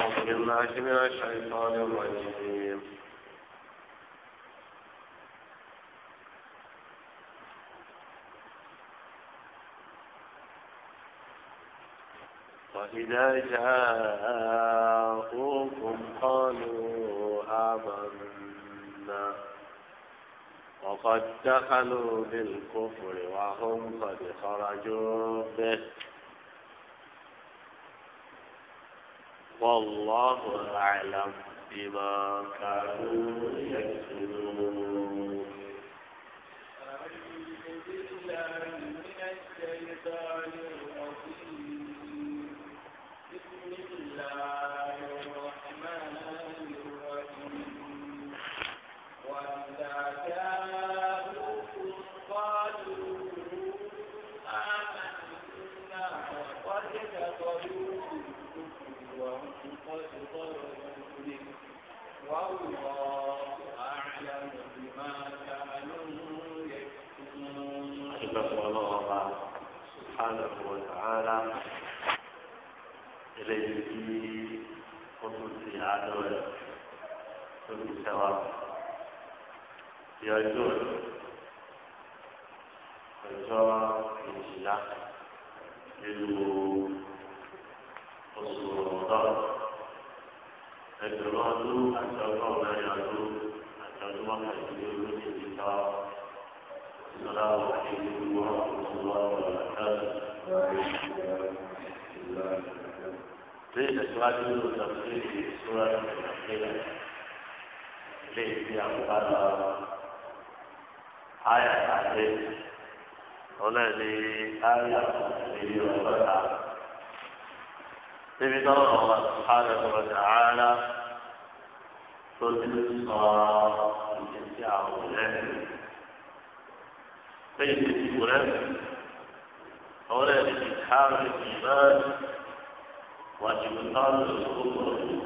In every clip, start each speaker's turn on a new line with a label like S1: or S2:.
S1: أعوذ بالله من الشيطان الرجيم
S2: وإذا جاءوكم قالوا آمنا وقد دخلوا بالكفر وهم قد خرجوا به والله أعلم بما كانوا يكسبون subhanahu wa ta'ala eléyìí tí ó tún ti àádọ́ rẹ̀ tó ti sẹ́wà yọjú ọjọ́ ìjìlá nínú oṣù ọ̀dọ́ ẹgbẹ̀rún ọdún àti ọgọ́rùn-ún mẹ́rin ọdún السلام عليكم ورحمة الله وبركاته ليس سؤال تفسير سورة الأخيرة ليس يقال آية عليه هنا آية عليه níbi tọ́lọ́ ọba sùpàdé ọ̀rọ̀dà ara tó ti sọ ìdí sí àwọn سيد الفلان أولاد الإسحاق الإيمان واجب الأرض الصبر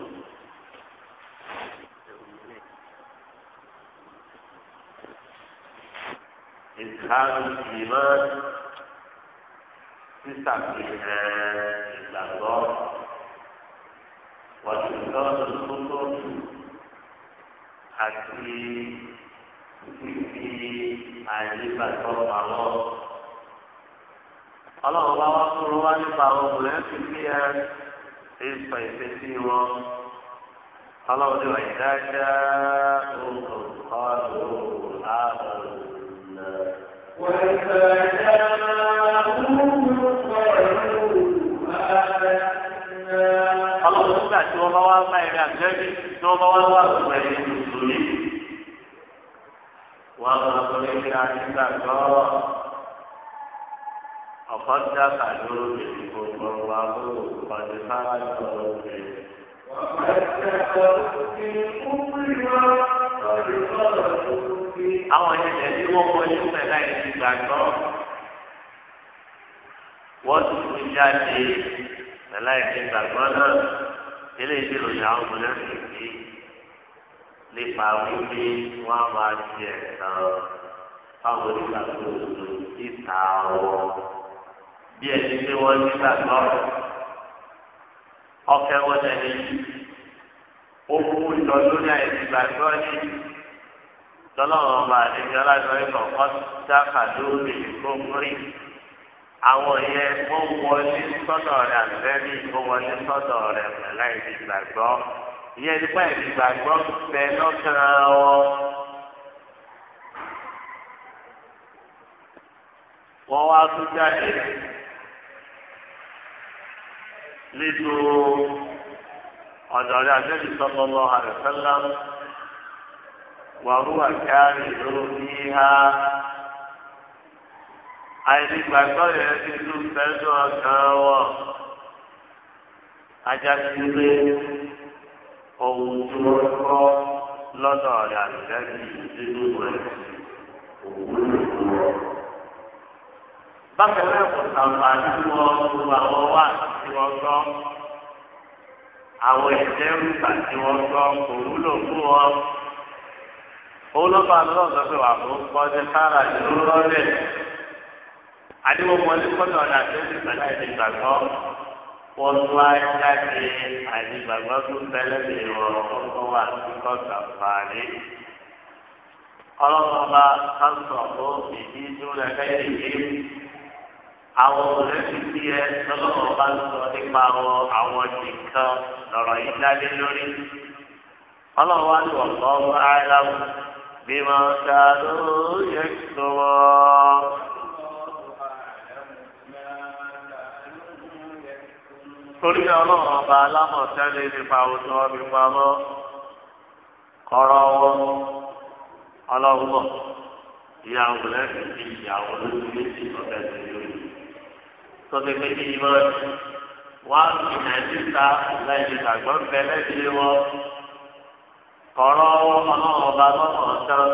S2: إسحاق الإيمان تسعة إسلام
S1: واجب الأرض
S2: الصبر títí àìlébàtọ́ pàlọ́. ọlọ́run bá wá fúnra wá nípa àwọn obìnrin fi bí ẹ ìsọ ìfẹsí wọn. ọlọ́run ní wàyí dáadáa oògùn ọ̀dùn ààbò náà. وَإِذَا جَاءُوكُمْ قَالُوا آمَنَّا. Ọlọ́run nígbà tí wọ́n bá wá bá ẹ̀rẹ́ àgbẹ̀bí tí wọ́n bá wá wá pẹ̀lú ìsòlè wọn máa gbọ́dọ̀ ṣe àdìgbàgbọ́ ọ̀pọ̀ dábàá lórí gbogbo wa gbogbo ọdún sábà lọ́wọ́ rẹ̀.
S1: àwọn ìṣẹ̀lẹ̀ tí wọ́n kọ́ ní pẹ̀lú
S2: àìsí gbàgbọ́ wọ́n tún fi jáde pẹ̀lú àìsí gbàgbọ́ náà eléyìí lòyà ọmọ náà sì kí nípa wípé wọ́n á máa jẹ ẹ̀sán fáwọn onígbàgbọ́ òdodo ìta wọn bí ẹni pé wọ́n nígbàgbọ́ ọ̀kẹ́ wọn ẹni owó lọ lórí àìsígbàgbọ́ ni tọ́lọ́wọ́n ọba àdéjọ́ aláìsàn ẹ̀kọ́ kọ́ńtàkà lórí ìkókórí àwọn yẹn wọ́n wọlé sọ́dọ̀ rẹ̀ àtẹ́rí wọ́n wọlé sọ́dọ̀ rẹ̀ pẹ̀lú àìsígbàgbọ́ ìyẹn nípa ìgbàgbọ́ bẹ lọ́kàn wọn. wọ́n wá tún jáde nínú ọ̀dọ̀ rẹ̀ àjẹ́bí sọ́kọ́ lọ àrẹ̀sẹ́lá wàhùwà káàrí ìdúró ní ha àìnígbàgbọ́ yẹn ti tún fẹ́ lọ́kàn wọn. ajá ti ohun tí wọ́n kọ́ lọ́dọ̀ rẹ̀ àlùdájì nínú rẹ̀ òun ló kú ọ. bákan náà kò sàǹfà tí wọ́n lu àwọn wá tí wọ́n gbọ́ àwọn ẹ̀jẹ̀ rúbà tí wọ́n gbọ́ òun ló kú ọ. òun ló bá lọ́dọ̀ sọ pé wà fún pọ́ńdé sára ìlú rọ́lẹ̀. àdéhùn wọlé kọ́dọ̀ ọ̀dà tó ti gbàdá ìdìgbàgbọ́ wọ́n tún á jáde àdìgbàgbọ́ tó tẹ́lẹ̀ lè rọ ọkọ̀ wà kíkọ́ sàǹfààní. ọlọ́run bá káńtọ̀ ó ìdí dúró lẹ́yìn yìí. àwọn òrẹ́sì tí ẹ lọ́lọ́run bá ń sọ nípa àwọn nìkan lọ́rọ̀ yìí dálé lórí. ọlọ́run wá ní ọ̀pọ̀ ọmọ aráàlú bí wọ́n ṣàlóyè tó wọ́n.
S1: torí ọlọ́run ọba alámọ̀tẹ́lẹ̀ nípa oṣù ọbí pamọ́
S2: kọ́rọ́ ọwọ́ ọlọ́gbọ̀ ìyàwó lẹ́sìn sí ìyàwó lórí méjì ọ̀tẹ̀ sí lórí. sọ́dọ̀ méjì ìmọ̀ wá ìrìnàjò ta lẹ́yìn ìgbàgbọ́ bẹ lẹ́sìn wọn kọ́rọ́ ọwọ́ ọlọ́run ọba lọ́mọ̀ọ́tán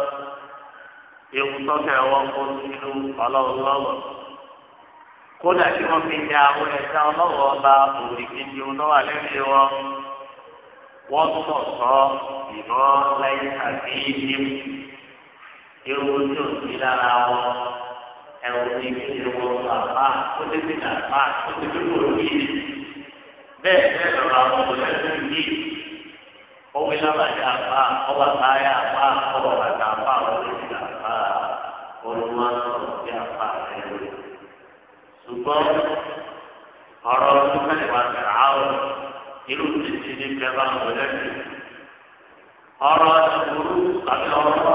S2: ewu tọ́kẹ̀ wọn kó nínú ọlọ́run lọ́wọ́ kódà tí wọ́n fi ya àwọn ẹ̀ka ọlọ́wọ́ ọba òrìkejì olówó alẹ́lẹ́ wọn wọ́n sọ̀tọ̀ ìmọ̀ láyé àbí ní irú tí ò sí lára wọn ẹ̀wọ̀n ní ìdílé wọn bàbá tó ti ti dàgbà tó ti ti kò ní ìdí bẹ́ẹ̀ bẹ́ẹ̀ lọ́wọ́ àwọn olùdókòwò yìí ọwọ́ ìlànà àbá ọba táyà àbá ọba bàtà àbá olùdókòwò àbá olùwàsó àbá rẹ̀. ṣùgbọ́n ọ̀rọ̀ ọdún mẹ́wàá tẹ̀lá ọ̀ irú títí ní bẹ́ẹ̀ bá lẹ́nu. ọ̀rọ̀ ìṣòro àti ọ̀rọ̀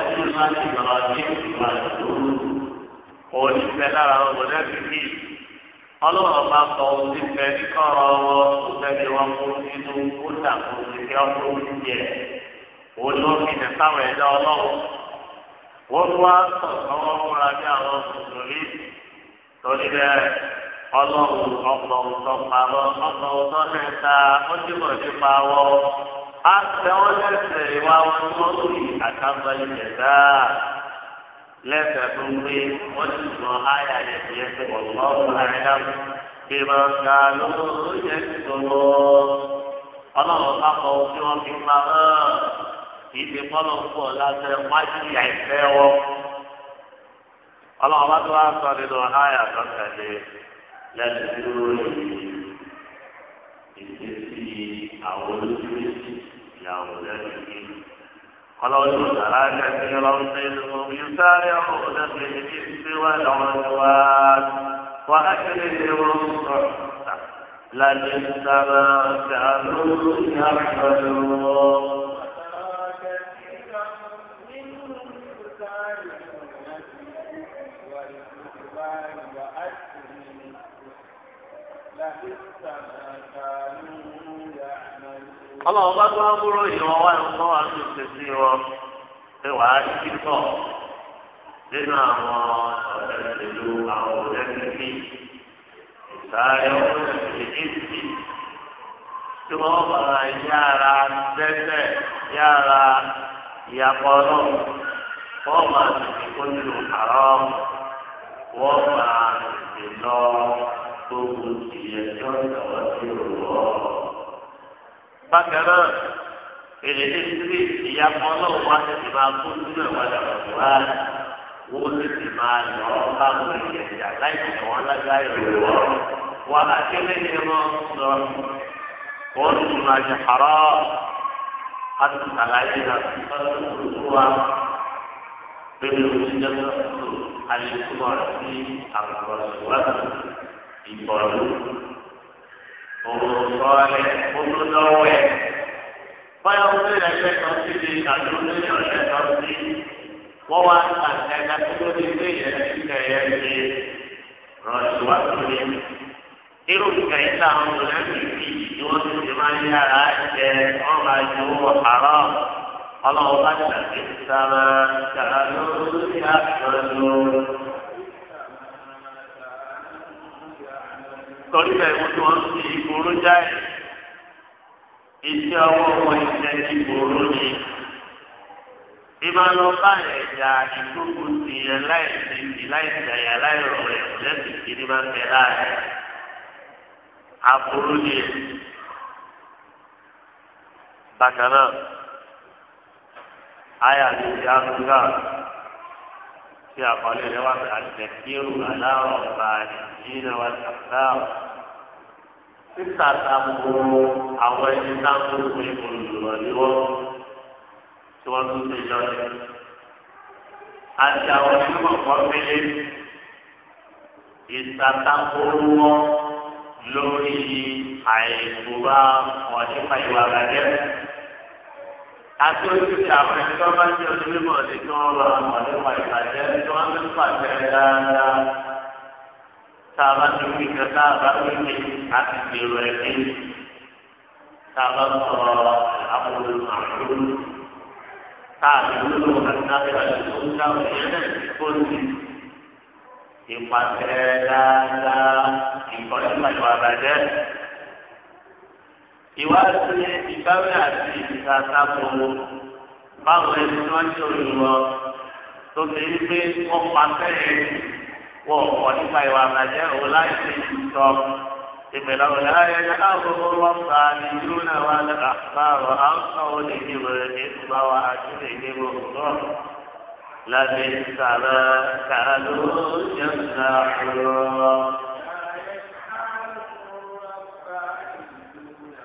S2: ẹ̀sìn láti ìgbàlá ní ìgbà ìṣòro òní fẹ́ lára ọ̀rọ̀ lẹ́nu ní ọlọ́run bá sọ òní fẹ́ ọwọ́ wọn kó nínú ọkọ̀ fi ọlọ́run wọ́n wá torí bẹ́ẹ̀ ọlọ́run ọ̀pọ̀ tó pamọ́ ọ̀pọ̀ tó nẹ́ta ó dìbò a tẹ́wọ́ lẹ́sẹ̀ ìwà wọn tó rí àtàwọn ìjẹ̀dá lẹ́sẹ̀ tó ń gbé wọ́n ti sọ ayà bí ga ọlọ́run bá tó wá sọ nínú àyà tó tẹ̀lé lẹ́nu dúró ìdísí àwọn olójúmẹ́sì ìyàwó lẹ́nu yìí. ọlọ́run tó sàrà kẹ́kẹ́ ọlọ́run tó ń lò wí sáré ọmọ òdàbí ní ìgbéwà lọ́wọ́ wá wá kéde ìwọ̀n sọ̀rọ̀ láti sábà kàlùkù yàrá lọ́wọ́. وأكرم لبئس ما كانوا يعملون ọlọ́run bá tó ń múrò yìí wọn wá lọ́wọ́ wá tó ṣe sí wọn pé wàá kí pọ̀ nínú àwọn ọ̀rẹ́ ìlú àwọn ọ̀rẹ́ níbí ìsáré ọ̀rẹ́ ìdíjì tí wọ́n bàrà yára tẹ́tẹ́ yára ìyàpọ̀ náà wọ́n máa tètè kó nínú àárọ̀ wọ́n máa tètè lọ gbogbo ìyẹ̀jọ́ ìdáwọ́ tí ó bákan náà èdè tí ìyàpọ̀ ọlọ́run wá tètè máa kó nínú ẹ̀wọ̀n àdàbọ̀ wọ́n tètè máa lọ bá wọn ìyẹ̀jà láì tẹ̀lé wọn lágbáyé lọ́wọ́ wọn àkẹ́lẹ́ ni wọ́n sọ wọ́n tún máa jẹ àrọ́ àtúntàlá yìí náà wọ́n tún wá lórí oṣù jẹ́sọ̀tò alẹ́kùnmọ́ sí àkùrọ̀sùwàtò ìbọ̀lú òwòsọ̀ọ́lẹ̀ olùdọ́wẹ̀. báyọ̀ ń bèrè ẹgbẹ́ kan sí ibi àdúgbò ní ọ̀sẹ̀ kan sí wọ́n wá ń ta ẹ̀ka tó ló ní ilé yẹn sí ẹ̀yẹ ṣe rọ̀sùwàtò ni. irú kẹ̀yìntà àwọn olùdókòwò yìí ni wọ́n ti máa ń yára jẹ ọ̀rọ̀ àjò àárọ̀ ọlọ́run bá ní láti sára kàrà lórí àjọyọ̀.
S1: torí bẹ́ẹ̀ mo tún ọ́n sí ìgboro jáì
S2: iṣẹ́ ọwọ́ wọn iṣẹ́ ìgboro ni. ìbánu bá ẹ̀yà ìgbókò sí ẹ láìsí ìdí láìsí ẹ̀yà láìrọ̀ lẹ́sìn kiri máa ń bẹ láàrin. àbúrò ni bàtà náà àyà ti ti àdúrà tí àkọlé rẹ̀ wà pẹ̀lú àtẹ̀kírù aláwọ̀ ọ̀gá ìdílé wa sàkáwọ̀. Sísà ta gbogbo àwọn ẹni tá ń gbogbo olùrọ̀ níwọ̀ tí wọ́n tún ṣe yọ ní. Àti àwọn onímọ̀ kan pélé ìsàtàkùrù wọn lórí àìkúbá ọ̀nípa ìwà àgbẹ̀ àti ojúṣe àwọn ẹni tó bá jẹ́ onímọ̀ ní kí wọ́n lọ àwọn àdéhùn ìbàjẹ́ tí wọ́n ń pàṣẹ dáadáa tá a bá ti wí kan tá a bá wí ní àti gbèrò ẹ̀mí tá a bá sọ̀rọ̀ àwọn olùmọ̀ọ́dún tá a lè wúlò àti àti àwọn olùdáwọ̀ ìyẹn náà ti kó sí ìpàṣẹ dáadáa ìkọ́lé pàṣẹ àbàjẹ́ ìwádìí ìbáwí àti ìtàtà gbogbo báwo ẹni tí wọ́n ṣe olùwọ́ tó ṣe é pé wọ́n pa fẹ́rẹ̀ wọ́n kọ́ nípa ìwà àbàjẹ́ òun láì ṣe ìtọ́ ìpìlẹ̀ òun láyé láàbò wọ́n pa nínú náà wà lọ́kàkọ́ àwọn olè níbo nígbà wà àti olè níbo náà lábẹ́ sàrà kàló jẹ́ sàrà.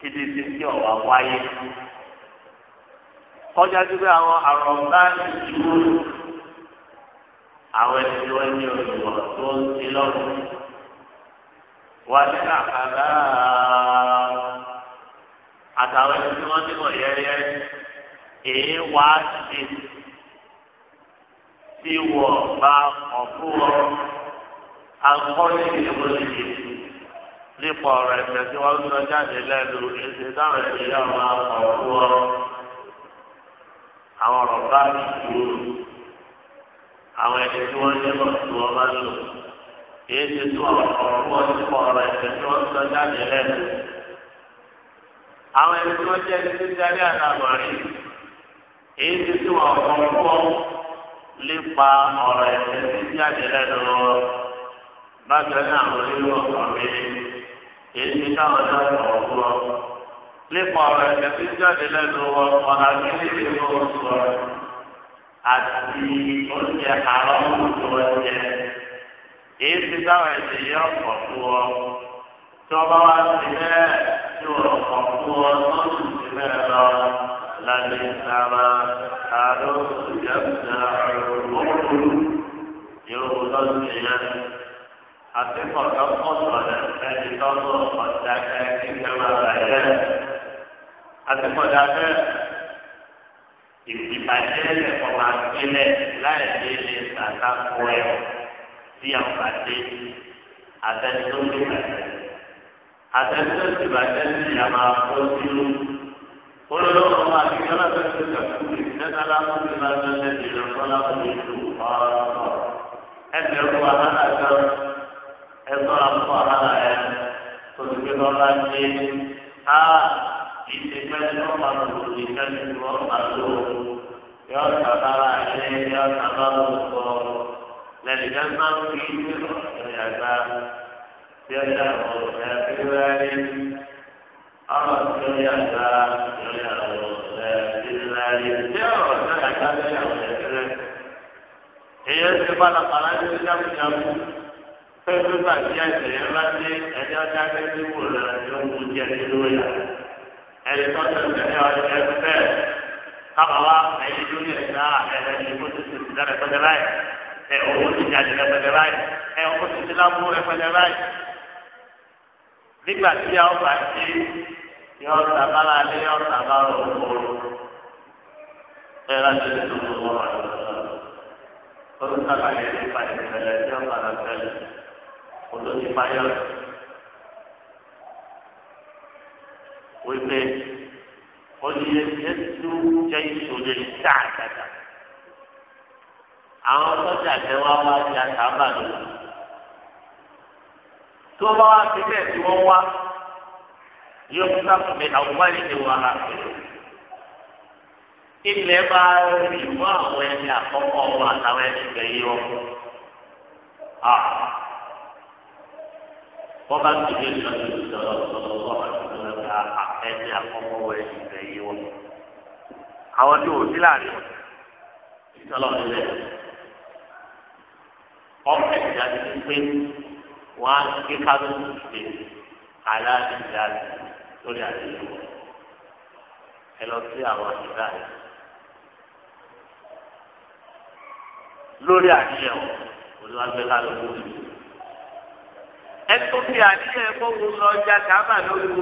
S2: kíni ti ti ọ̀wá wáyé. kọjá sí pé àwọn àrùn bá ìṣubú àwọn ẹni tí wọ́n ní olùwọ̀ tó ń ti lọ́rùn. wà ní àkàrà àtàwọn ẹni tí wọ́n ní wọ̀ yẹ́yẹ́ èé wá sí tí wọ́n bá ọ̀fúnwọ́ akọ́lé ìwọ̀n ìdìbò. nípa ọ̀rọ̀ ẹ̀sẹ̀ tí wọ́n lọ jáde lẹ́nu ọ. àwọn ọ̀rọ̀ bá mi àwọn tí wọ́n ọrụ lọ́ọ̀ tí wọ́n lò èyí ti ọ̀rọ̀ fún ọ nípa ọ̀rọ̀ ẹ̀sẹ̀ tí wọ́n lọ jáde lẹ́nu. àwọn tí wọ́n jẹ́ ẹni tí ọ̀rọ̀ fún ọ nípa ọ̀rọ̀ tí jáde èyí ti káwọn jáde ọ̀rọ̀ fún ọ. Lépa ọ̀rọ̀ ẹ̀jẹ̀ tí jáde lẹ́nu wọn, ọ̀nà kílíkì ló ń sọ àti oúnjẹ àárọ̀ tó ọjẹ. Èyí ti káwọn ẹ̀jẹ̀ yẹ ọ̀pọ̀ fún ọ. Tí ọba wa ti bẹ́ẹ̀ tí ọ̀pọ̀ fún ọ tó sì ti lọ. Lálẹ́ ìsàmà àlọ́ ìjàmbá ọ̀rọ̀ òkú. Yorùbá ló ń ṣe yẹn. Àti kọ̀ọ̀kan kọ̀ọ̀kan rẹ̀. والذي تنظر قد تكاك كما بيان أتقد أفاق ìdìbàjẹ́ lẹ́kọ̀ọ́ máa gbélé láì lè lè sàkàkọ ẹ̀ sí àǹfààní àtẹnudọ́gbẹ̀bàjẹ́. àtẹnudọ́gbẹ̀bàjẹ́ sì yà máa kó sínú. olólùwọ́ máa fi yọ́nà tó ti sẹ̀kú mi lẹ́sà láwọn ti máa tọ́jú ẹ̀dínlẹ́kọ́ láwọn ti lù ọ́ ẹ̀fẹ̀ rú wa náà kan ẹ̀tọ́ àpò ara ẹ̀ tòlùkẹ́ lọ́la ṣe á ìṣe pẹ́ẹ́lí tó máa lò lò ní pẹ́ẹ́lí tó wọ́n máa lò yọ sàbára ẹ̀ yọ sàbára òkò lẹ́nìkan máa ń fi ìwé ọ̀rẹ́ àgbà tí ó yà ọ̀rẹ́ fíwárí ọ̀rọ̀ tí ó yà gbà tí ó yà ọ̀rẹ́ fíwárí tí ọ̀rọ̀ tí ó yà gbà tí ó yà ọ̀rẹ́ fíwárí. èyí ń ṣe pàlàpàlà ní ìdáhùn ìyàwó pé bíbá tí ẹsẹ̀ yẹn bá dé ẹni ọjà kẹ́kẹ́ wò lọ ni ó mú jẹ nínú yà ẹni tó ń tẹ̀lé ẹni ọjà ẹni bẹ́ẹ̀ káwọn wá ẹni tó ní ẹ̀dá ẹ̀rẹ́ ni kó tó ti sílẹ̀ rẹpẹtẹ báyìí ẹ owó ti jáde rẹpẹtẹ báyìí ẹ owó ti ti lábú rẹpẹtẹ báyìí nígbà tí a bá dé yọ ọ̀tà bára yọ ọ̀tà bára ẹ láti lè tó tó wọ́n wà lọ́wọ́ olóyè fáyọ wípé olùyẹ jésù jẹ ìṣòro ìta àgàdà àwọn sọjà kẹwàá wá jà sábà lónìí tó bá wá sí bẹ́ẹ̀ tí wọ́n wá yóò fún sáfùmí àwọn ìdè wàhálà pẹ̀lú ilẹ̀ bá rí mọ́ àwọn ẹni àkọ́kọ́ wọn àtàwọn ẹni gbẹ̀yìn wọn. Ah wọ́n bá ti dé lọ sí ìjọba lọ́wọ́ àtúntò àtẹ́tẹ́ àkọ́kọ́ wẹ̀ ìgbẹ́ yìí wọ́n. àwọn tí ò sí láàrin wọn ìjọba nílẹ̀ ọ̀pẹ̀ ìdájọ́ ti pé wọ́n á ké kánú ṣe aláàbí ìdájọ́ lórí àdéhùn wọn. ẹ lọ sí àwọn àdúrà yìí. lórí àdéhùn olùwàgbẹ́ká ló kú sí ẹtún fi àníyàn ẹ̀kọ́ wo lọ ọjà kábà lóko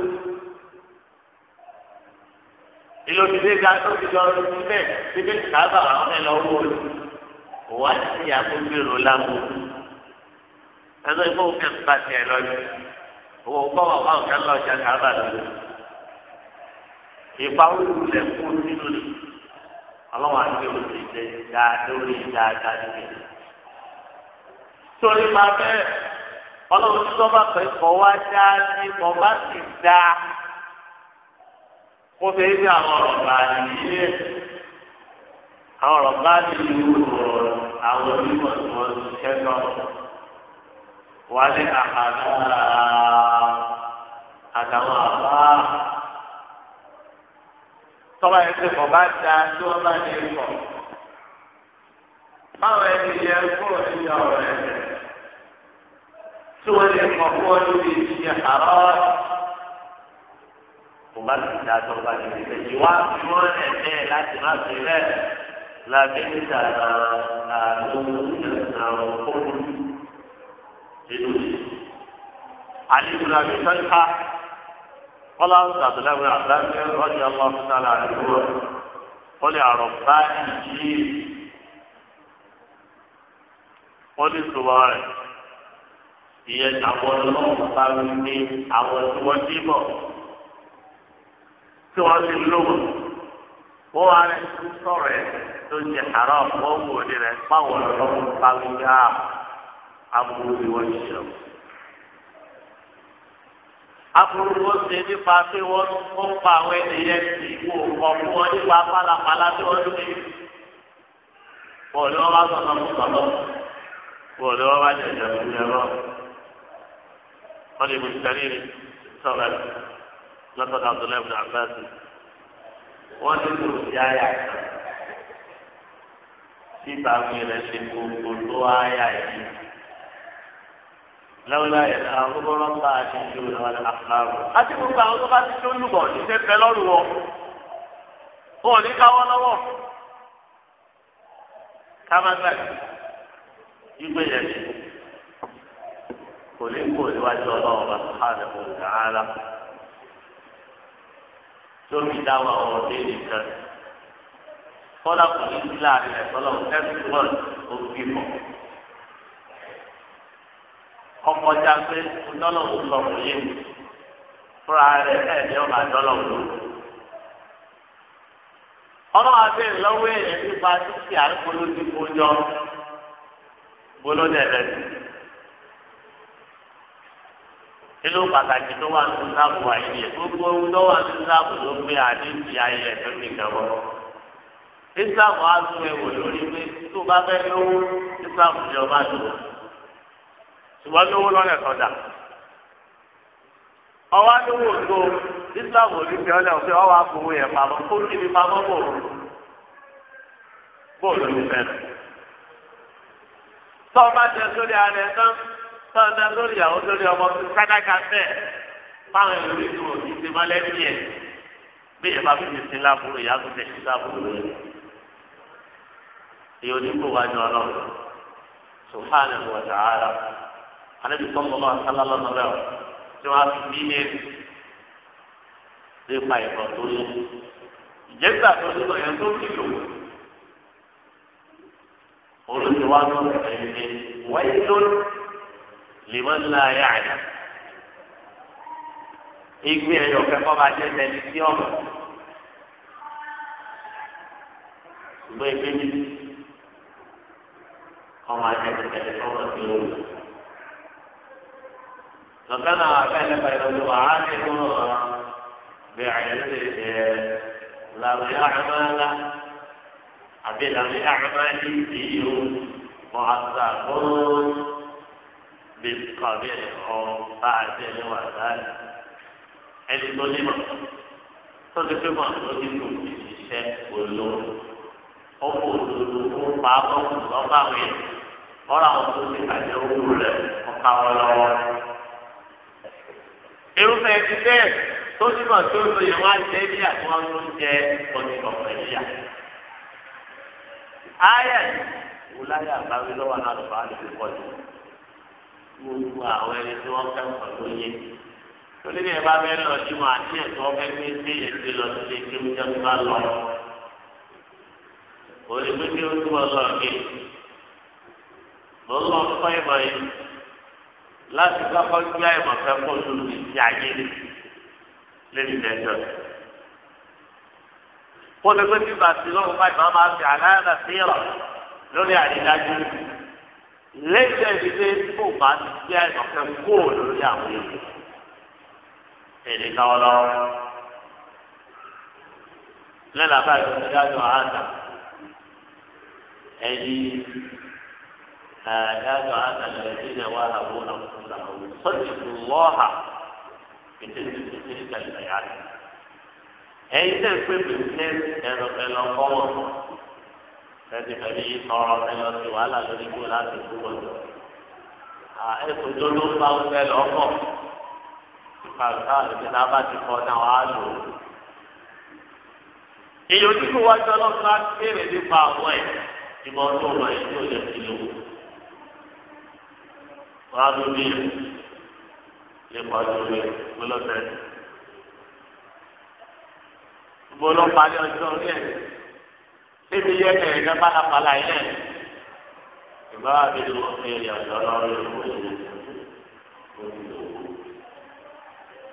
S2: ìlòmídé ga tó ti lọ rí bẹ́ẹ̀ síbi kábà àwọn ẹ̀ lọ́wọ́ olú òwò àti ìyàwó gbèrò lágbo ẹgbẹ́ ìfọ̀ òfin bá tiẹ̀ lọ́yọ̀ òwò kọ́ wà wà ọ̀gá lọ ọjà kábà lóko ìpawó lẹ̀ kú nínú ni ọlọ́wọ́ àti olùdíje dáadóri dáadáa níbi. sórí máa bẹ́ẹ̀ ọlọ́run tí wọ́n bá pẹ́ kọ́ wá dá ní kọ́ bá sì dá kó fẹ́ bí àwọn ọ̀rọ̀ bá nílé àwọn ọ̀rọ̀ bá nílé ọ̀rọ̀ àwọn onímọ̀ tí wọ́n ti kẹ́kọ̀ọ́ wálé àhàdá àtàwọn àbá tọ́ba yẹn ti kọ́ bá dá tí wọ́n bá ní kọ́
S1: báwọn ẹni yẹn kúrò nínú ọ̀rọ̀ ẹ̀sẹ̀
S2: tí wọ́n lè mọ̀ fún ọ lórí ìṣe àárọ̀ kò bá ti dá tó bá ti dé ìwà tí wọ́n lè dé láti má fi rẹ̀ lábẹ́ níta àtúntò àwọn kókó nínú yìí. àlejò náà lè sọ́yìn ká kọ́lá ń sàdúrà wí àbúrásẹ́ ọ̀dì ọlọ́run sálà àdúgbò ó lè àrùn bá ìjì ó lè sọ wọ́n rẹ̀ ìyẹn àwọn ọlọ́run bá wí ní àwọn tí wọ́n dí bọ̀ tí wọ́n ti lówó wọ́n wá rẹ̀ tó sọ̀rọ̀ ẹ̀ tó ṣe àárọ̀ wọ́n wò rẹ̀ báwọn ọlọ́run bá wí ní àbúrò ah, ni wọ́n ṣe ọ̀. aburú wọn ṣe nípa pé wọn ó pa àwọn ènìyàn tí wò kọ wọn nípa pálapàla tí wọn lóye. bọ́ọ̀lù wọn bá sọ̀tọ̀ sọ̀tọ̀ bọ́ọ̀lù wọn bá طلب السرير سبب لقد عبد الله بن عباس وذكر جاية في تعمير الشكوك آية لولا يتعاقب رب الشجون والأحلام أتبقى بعضها تشون لبعض يتبقى قولي كوالا كما قال يبقى يجب kò ní kó níwájú ọlọ́run bá sùhánù fún ìdáhàlà lórí dáwọ́ àwọn ọdẹ nìkan kọ́lá kò ní sí láàrin ẹ̀sọ́lọ́ ẹ̀sùnmọ́n òbí mọ́ ọkọjá pé ọdọ́lọ́wọ́ sọ kò yé fúra rẹ̀ ẹ̀mí ọba èèyàn nípa títí àríkò ló ti kó jọ nínú pàtàkì tó wà nínú sáàbù àyè gbogbo ohun tó wà nínú sáàbù ló gbé àdéhùn ayẹyẹ tó ti gbẹwọ. Islam á tún ẹwò lórí pé tó bá fẹ́ lówó Islam ni ọba lò ó. ṣùgbọ́n lówó lọ́lẹ̀ sọ̀dà. ọwọ́ lówó tó Islam ò ní fi ọ́lẹ̀ òfin ọwọ́ àkówó yẹn pamọ́ kó kí ni pamọ́ bò ó. bóòlù ló fẹ́ lọ. tọ́ ọ bá jẹ sórí ara ẹ tán tọ́lá lórí àwọn lórí ọmọ tó sádáka fẹ́ fáwọn ìlú ìlú òní ti máa lẹ́bí ẹ̀ bí ìyẹn bá fi lè sin láàbùrù ìyá tó tẹ̀sí láàbùrù rẹ̀ èyí ò ní kó wá ní ọlọ́run subhanahu wa ta'ala anabi sọ́kọ́lọ́ sálálọ́ lọ́rẹ́ ọ̀ tí wọ́n á fi bí ní ẹ̀rí nípa ìbọn tó lé ìjẹ́gbà tó lé lọ́yẹ̀ tó kìlò olùsèwádùn ẹ̀yìn wáyé lónìí lèmọ́ ńlá ayé àná igbe ẹ̀yọ̀ kẹ́kọ̀ọ́ bá jẹ́ tẹ̀lé sí ọ̀mọ̀ ṣùgbọ́n ìgbé mi ọmọ ajẹ́ tẹ̀lé ọmọ tí ó
S1: lọ́kàn náà abẹ́lẹ́ bẹ̀rẹ̀ ló wà á ní kó
S2: bẹ̀rẹ̀ lè ẹ̀ làwọn àmàlà àbí làwọn àmàlà yìí yóò mọ̀ àtàkùn. بالقبيح أو بعد الوعدان ẹni tó ní mọ tó ti pé mọ tó ti kù kì í ṣiṣẹ́ olóró ọkọ òdodo fún pàápọ lọba wẹ ọ̀rọ̀ àwọn tó ti bàjẹ́ owó rẹ ọkà wọn lọ́wọ́. irúfẹ́ ti bẹ́ẹ̀ tó ní mọ tó lóye wọn á jẹ́ bí àwọn tó ń jẹ ọ̀nìkọ̀ọ̀fẹ́ yíyà. ayẹ̀ wò láyé àgbáwé lọ́wọ́ náà lọ́wọ́ á lè fi kọ́ ju gbogbo àwọn ẹni tí wọ́n fẹ́ pẹ̀lú yé torí bí ẹ bá fẹ́ lọ sí wọn àti ẹ̀tọ́ fẹ́ gbé sí èsì lọ sí ilé kí wọ́n bá lọ. òní pé kí wọ́n túbọ̀ lọ kí mo lọ fọ́ ìmọ̀ yìí láti kọ́kọ́ gbé àìmọ̀ fẹ́ kó lù mí sí ayé lórí ìdájọ́. kó lè pé bí bàtí lọ́wọ́ báyìí máa fi àlàyé náà sí ìrọ̀ lórí àrídájú. lẹ́yìn ìdílé kó bá ti gbé àìsàn kó lórí àwọn èèyàn èdè káwọn lọ́wọ́ lẹ́la báyìí wọ́n ti dájọ́ àádá ẹni dájọ́ àádá lẹ́yìn ìdílé wà láwọn ọ̀nà sọ́jìkù lọ́ọ̀hà pété pété kàlẹ́ yára ẹ̀yin tẹ̀ ẹ̀rọ ẹ̀lọ́kọ́ wọn. ẹtì pẹ̀lú yìí tọrọ ẹyọ ti wàhálà lórí kó láti kú gbọdọ̀. ẹ̀sùn tó ló ń bá oúnjẹ lọ́kọ̀ ìpàgọ́ àti náà bá ti kọ́ náà wàá lò ó. èyí ojú kó wájú ọlọ́pàá kéèrè nípa àwọn ẹ̀ ìmọ̀ tó lọ yìí tó lè fi lò. wàá ló bí ipa lórí gbólọ́tẹ̀. gbólọ́pàá ní ọjọ́ orí ẹ̀ níbi yẹ kẹrẹ ní balabala yẹ ìgbà wà bí wọn fi ẹyà lọrọ rẹ kó lè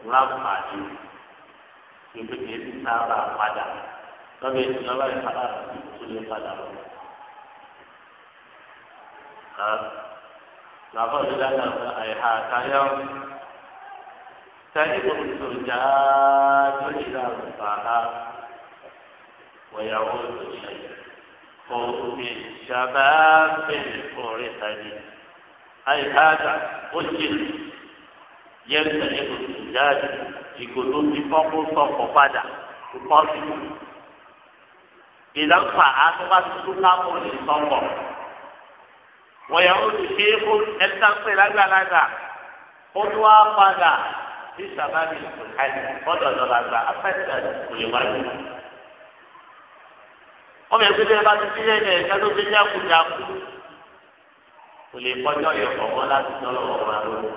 S2: wọn àpàdé ìgbà tí èyí sábà padà lọ́bẹ̀ èyí lọ́bẹ̀ ìpadà tó lè padà lọ. Làbọ̀ ní dáná àyíká àtàyọ̀ sẹ́yìn kò tó jà á tó ìlà òkú àká. ويعود إليه قوم شباب أورثني أي هذا أجل يمتلك الزجاج يقولون فوق فوق فدا وقاسم إذا فعلت فسوق للصبر ويعود شيخ التنقل لنا قدوة فدا في شباب الحج قدوة لنا أفتت كل مرة
S1: wọ́n bẹ̀rẹ̀ pé bẹ́ẹ̀ bá ti sílẹ̀ ní ẹ̀ka tó ti
S2: jákujàku kò lè kọjọ́ ìyọ̀kọ̀ wọn láti tọ́lọ̀ wọn wà lóko.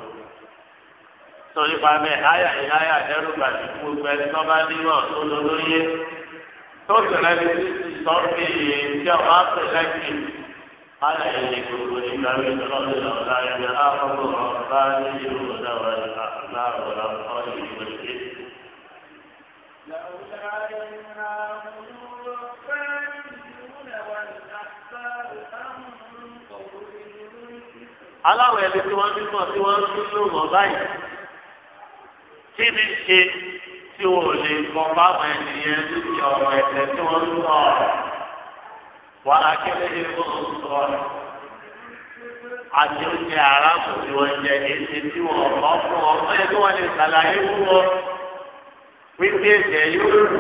S2: sọ̀rí pamẹ́ àyà ìyáyà ẹrú gbàdí gbogbo ẹni tó bá nínú ọ̀tún lólóyè tó tẹ̀lé ní sọ́ọ̀tì ìyẹ̀ntì ọ̀hún àpẹ̀lẹ́kì àyà ìyẹ̀ gbogbo nígbà wí lọ́dún ọ̀la ẹ̀yẹ àkọ́kọ́ ọ̀la ní ìlú ọ̀dà ọ̀la ọ̀la ọ̀ aláwọ̀ ẹni tí wọ́n bímọ tí wọ́n ń lò wọ́n báyìí tí ní ṣe tí o lè kọ́ báwọn ènìyàn ní ti ọ̀rọ̀ ẹ̀sẹ̀ tí wọ́n ń lọ wà á kéde ní wọ́n ń sọ
S1: àti oúnjẹ aráàlú tí wọ́n jẹ
S2: èsì tí wọ́n ọ̀pọ̀ fún ọ ẹ̀ tí wọ́n lè ṣàlàyé fún ọ wípé ẹ̀jẹ̀ yóò rù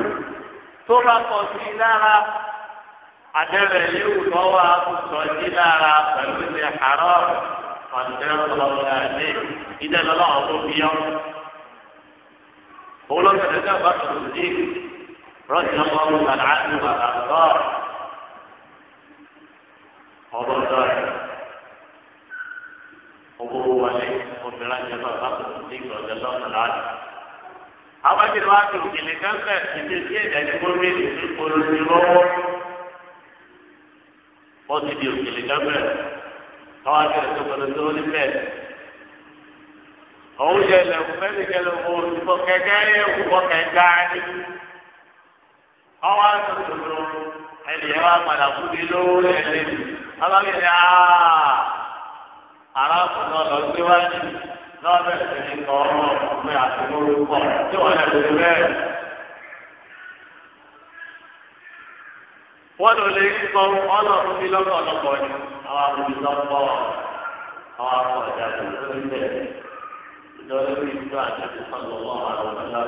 S2: tó bá kọ sí i lára àdẹ́rẹ̀ yóò lọ́wọ́ àkùsọ̀ sí lára pẹ̀lú ìṣẹ̀ àárọ̀ ọ̀dẹ́rẹ́ ọlọ́run àti ìdá lọ́lọ́run tó fi yọ. olóṣèlú náà bá tó sí rọ́ọ̀tì ọmọ ọmọ àti àgbà ọ̀rọ̀ ọ̀dọ́ rẹ̀. owó wọlé obìnrin àti ti di òkèlè gábẹ́rẹ́ àwọn akẹ́rẹ́ tó gbọdọ̀ tó ní bẹ́ẹ̀. òun yẹ lẹ́wọ̀n fẹ́ẹ́ kẹ́ ló mọ olùkọ́ kẹ́kẹ́ yẹ olùkọ́ kẹ́kẹ́ ni. ọwọ́ àtúntò ẹni yẹn wá padà fún mi lórí ẹni ọlọ́run yẹn áá arákùnrin ọ̀dọ́ gbé wá ní lọ́ọ̀bẹ̀ sí ni kọ́ ọ̀rọ̀ pé àtúntò olùkọ́ tí wọ́n yẹ wọ́n lò lè kọ́ ọlọ́run bí lọ́kọ̀ lọ́kọ̀ ni àwọn àbùdí lọ́kọ̀ àwọn akọ̀ ọ̀dà tó lórí bẹ̀ lórí bí ìjọ àjọyọ̀ sọ̀rọ̀ wọn àwọn ọ̀dọ́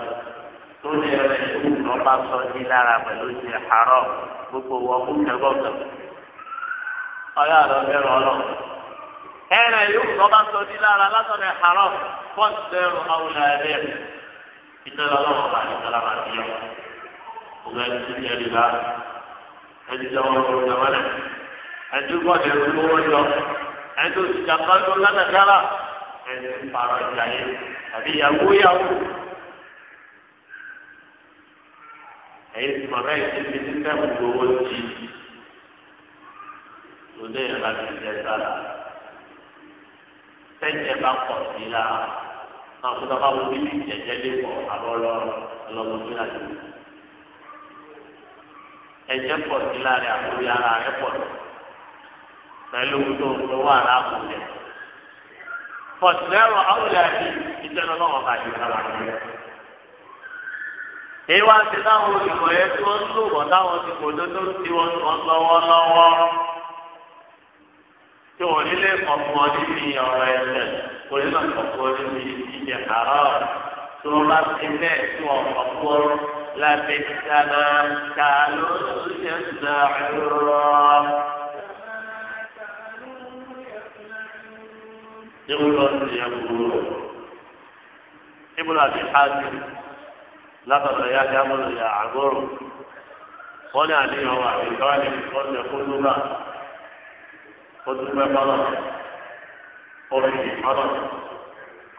S2: tó lè rẹ̀ ìlú ọba sọ ní lára pẹ̀lú ti àárọ̀ gbogbo wọn kú kẹ́gbọ́gbọ̀ ọyọ́ àlọ́ bẹ̀rẹ̀ ọlọ́ ẹ̀rẹ̀ ìlú ọba sọ ní lára látọ̀dẹ̀ àárọ̀ fọ́ọ̀tẹ̀rù àwùjọ ẹ̀rẹ̀ ìtẹ̀lọ́lọ́wọ́ ẹdìjọ wọn kò lọ wọlé ẹdúgbò ní olówó yọ ẹdú ìjàmbájú lánàkárà ẹdí parọ ìjà yìí tàbí ìyàwó yàwó ẹyẹ tí màmá yìí ti fi títẹ gbogbo owó jì lóde ìlànà ìjẹ sára tẹjẹ bá pọ sí i la àwọn tó bá wọlé ìjẹjẹ lé pọ àbọ lọ ọlọmọdé láti wọlé ẹ̀jẹ̀ pọ̀ sí láàrin àkórí ara rẹ̀ pọ̀ sí pẹ̀lú tó tó wà láàbùjẹ. fọ̀tìlẹ́rọ̀ àwùjọ àti ìjọba náà wà bàjẹ́ sábà nílẹ̀. ìwà ti táwọn olùkọ́ yẹn tí wọ́n ń lò wọ́n táwọn ti kò dódó tí wọ́n ń lọ́wọ́ lọ́wọ́ tí wọ́n nílé kọ̀ọ̀kan níbi ọ̀rọ̀ ẹ̀sẹ̀ kò nílò kọ̀ọ̀kan níbi ìjẹ̀ àárọ̀ tí wọ́n bá ti bẹ́ẹ̀ tí wọ́n kọ̀ọ̀kan لبئسما كانوا يصنعون ابن يقول ابن ابي حاتم لقد يا جمل يا عبور قال علي هو ابي طالب قال خذوا خذوا بقرة قرن حرم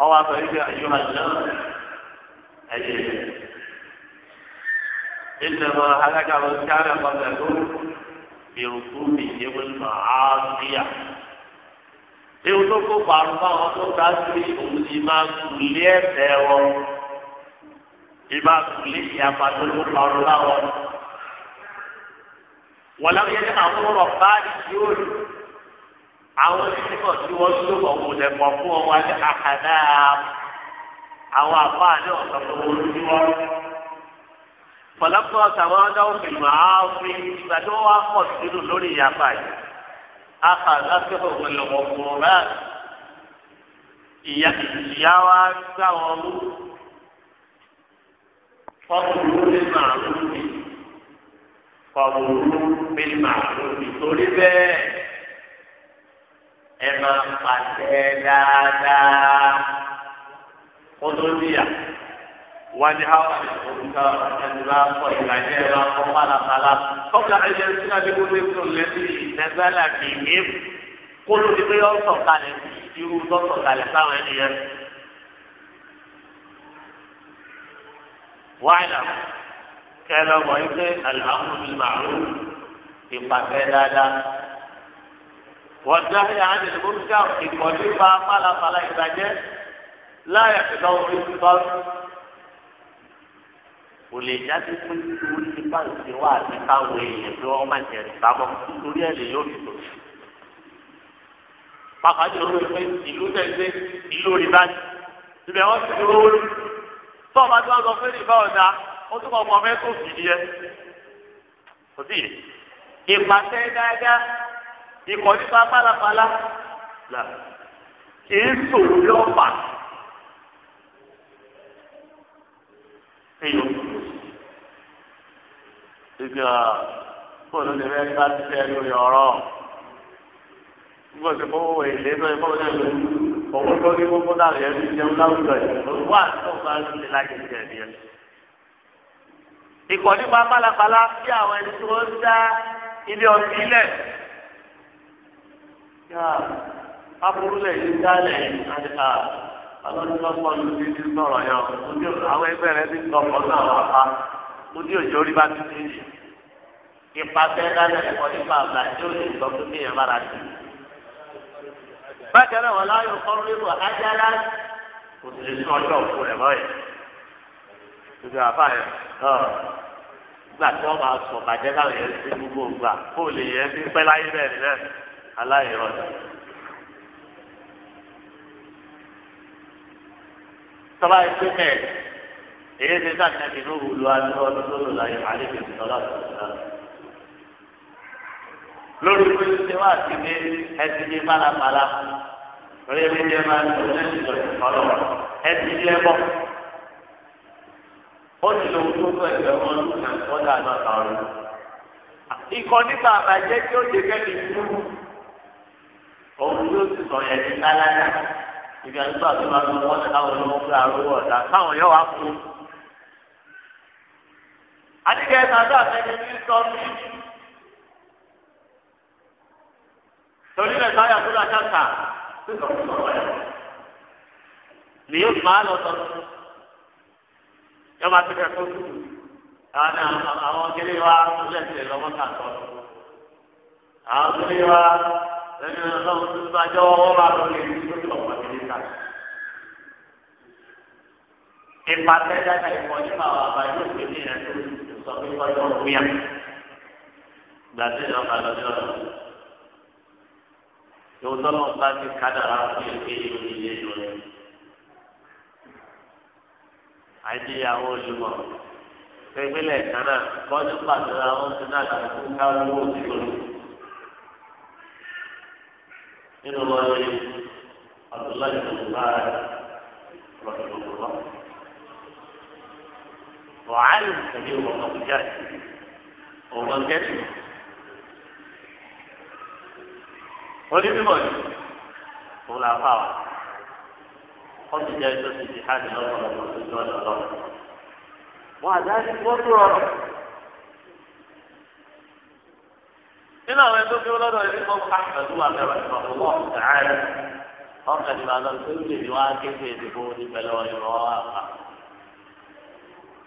S2: هو أيها الناس إنما هلك من كان قبلكم بركوب يوم المعاصية ewu tó kó parun báwọn tó ta sí òun ni máa kùlé ẹsẹ̀ wọn ìmá kùlé ìyàpá tó kó parun báwọn. wọn lọ yẹ kí àwọn ọmọ báyìí yóò lò àwọn onímọ̀ tí wọ́n tó kọ̀ wò lẹ̀ pọ̀ fún ọmọ àti àkàdá àwọn àbá àti ọ̀sán tó wọ́n lò sí wọn pọ̀lọ́pọ̀ sàwọn ọ̀dọ́ fìmọ̀ ààfin ìgbà tí wọ́n wá pọ̀ sínú lórí ìyapa yìí afa lásìkò ìlọ̀wọ̀ fúnra ìyá ìyá wa gbà wọn mú fọ́ọ̀mù lè máa lù mí fọ́ọ̀mù lè máa torí bẹ́ẹ̀ ẹ máa pàṣẹ dáadáa kó tó níyà wani hawa ka ẹnìyà kọ ìgbàjẹ ẹwà kọ pálapàla kọkà ẹyẹ ẹsìn àdìgbò lẹsùn lẹsùn ìnẹgbẹlà kìíní kóló ti pé yọ sọ̀kalẹ̀ irú tó sọ̀kalẹ̀ sáwọn ẹnìyẹn. wáyà kẹlẹ ọmọ yìí pé alihamudu màlúù ìpàkẹ dáadáa wọ́n dáhìí àdìgbò ìkọ̀jú bá pálapàla ìgbàjẹ láyà kìlọ̀ orí tó kò lè jáde pé wọ́n ti bá ìṣe wá àti káwọn èèyàn tí wọ́n máa jẹ̀rì sábọ̀ nítorí ẹ̀ lè yóò fi tò. pàápàá jù lórí pé ìlú tẹ̀sẹ̀ ìlú rìbá ibẹ̀ wọ́n ti dúró wọlé tó ọba tí wọ́n sọ pé rìbá ọ̀dà ó tún kọ́ ọmọ fẹ́ tó fi ni ẹ. kò sí ìpàṣẹ dáadáa ikọ̀ nípa pálapàla là kì í sòrò lọ́pàá ibi ọ kó ló lè ká ti fẹ́ lórí ọ̀rọ̀ gbọ́dọ̀ fún owó èlé náà ìfọwọ́ náà ló owó tó ní gbogbo náà yẹn ti jẹun láwùjọ yìí owó àtúntò bá ń lè láyé jẹ ní ẹ. ìkọ̀ní pa pálapàla bí àwọn ẹni tí ń dá ilé ọtí ilẹ̀ aburulẹ̀ yìí dálẹ̀ àdìgbà ọlọ́dún lọ́pọ̀ lórí ti sọ̀rọ̀ yẹn àwọn ẹgbẹ́ rẹ ti sọ̀rọ̀ náà wà pa mo ní òjò rí bá ti ṣe yìí ìpàṣẹ lálẹ́ ẹ̀kọ́ nípa àgbà tí ó lè sọ fún mi ẹ̀ mára sí.
S1: bákan náà wọn láyò kọ́rọ́ nínú ajára kò sì lè sún ọjọ́ òkú rẹ̀ mọ́ ẹ̀.
S2: ìgbà àbá yẹn gbà tí wọ́n máa sọ bàjẹ́ láwọn yẹn ti gbogbo gbà kó lè yẹn ti pẹ́ láyé bẹ́ẹ̀ náà aláìrọ̀ ni. tọ́lá ẹgbẹ́ mẹ́rin èyí ti ká nàbì ní òwúlò àdúrà ọdún tó lò láyé màálé fi ti tọ́lá tó lọ. lórí pé ṣé wàá ti dé ẹtì ní pálapàla orí ẹbí jẹ máa ń lò lẹ́yìn ìjọba ọlọ́ ẹtì ní ẹbọ. ó ti lò wúlò fún ẹgbẹ́ wọn lùkà tó dà lọ sọ̀rọ̀. ikọ̀ nípa àbàjẹ́ tí ó jẹ kẹ́mi fún òun yóò ti sọ yẹn ní tálákà ìgbà nígbà tó máa ń lọ wọ́n káwọn olówó fúra lówó ọ̀dà káwọn yóò wá fún un àdìgẹ́ tàbí àtẹ́ni ní sọ́ọ̀tì. torí rẹ̀ sáyà tó lọ ṣáṣà ni yóò máa lọ sọ yóò máa tẹ̀lé tó kù àwọn kele wa lè tẹ̀lé lọ́wọ́ ká sọ àwọn kele wa lẹ́nu lọ́wọ́ tó bá jọ wọ́n máa lọ lè tó tó ọ̀pọ̀ kele ká. ìpàtẹ́ dáadáa ìfọ̀yín máa wà bá yóò ní ìrẹsì sọ pé kọjọ ń wíyà gbàtí ìjọba bá lọ sí ọ̀rọ̀ yóò tọ́lọ́ bá ti kádàrá fún èké yóò ní ilé ìlú rẹ̀ àìdíyàwó olùmọ̀ pẹ̀gbẹ́lẹ̀ kan náà bọ́ọ̀dù pàṣẹ àwọn ti náà ti kú káwọ́ òsì lórí nínú wọn ni Abdullahi Abdullahi Rahimahullah. وعلم كبير وأولياء هو الكريم ولي بمولي هو العفاوة قد جاء يسوس الجهاد الأول وذلك وضرر إلى أن يكون ولد الإمام أحمد رحمه الله تعالى فقد ما لم تكن بواكب يدخول بلوى يراها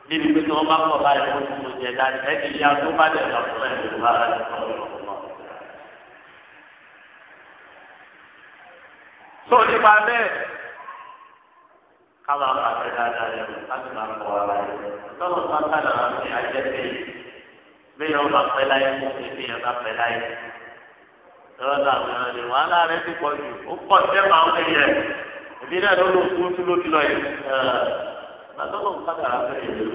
S2: níbi tí wọ́n bá pọ̀ báyìí wọ́n ti mú jẹ dání ẹ̀kí ìyá tó bá dẹ̀ lọ fún ẹ̀ ló bá rẹ̀ lọ́wọ́. tó nípa bẹ́ẹ̀ ká máa pàṣẹ dáadáa yẹn láti máa pọ̀ ara yẹn lọ́wọ́ bá kàdà wá sí ajẹ́pẹ́ bẹ́ẹ̀ wọ́n bá pẹ́ láyé fún mi bí ẹ bá pẹ́ láyé. lọ́wọ́ làwọn èèyàn ni wàhálà rẹ ti pọ̀ jù ó pọ̀ jẹ́ màá ń yẹ ìbílẹ̀ ló ló kú tó ló ti àtọ́nà nǹkan àrà fẹ́ẹ́ lè lò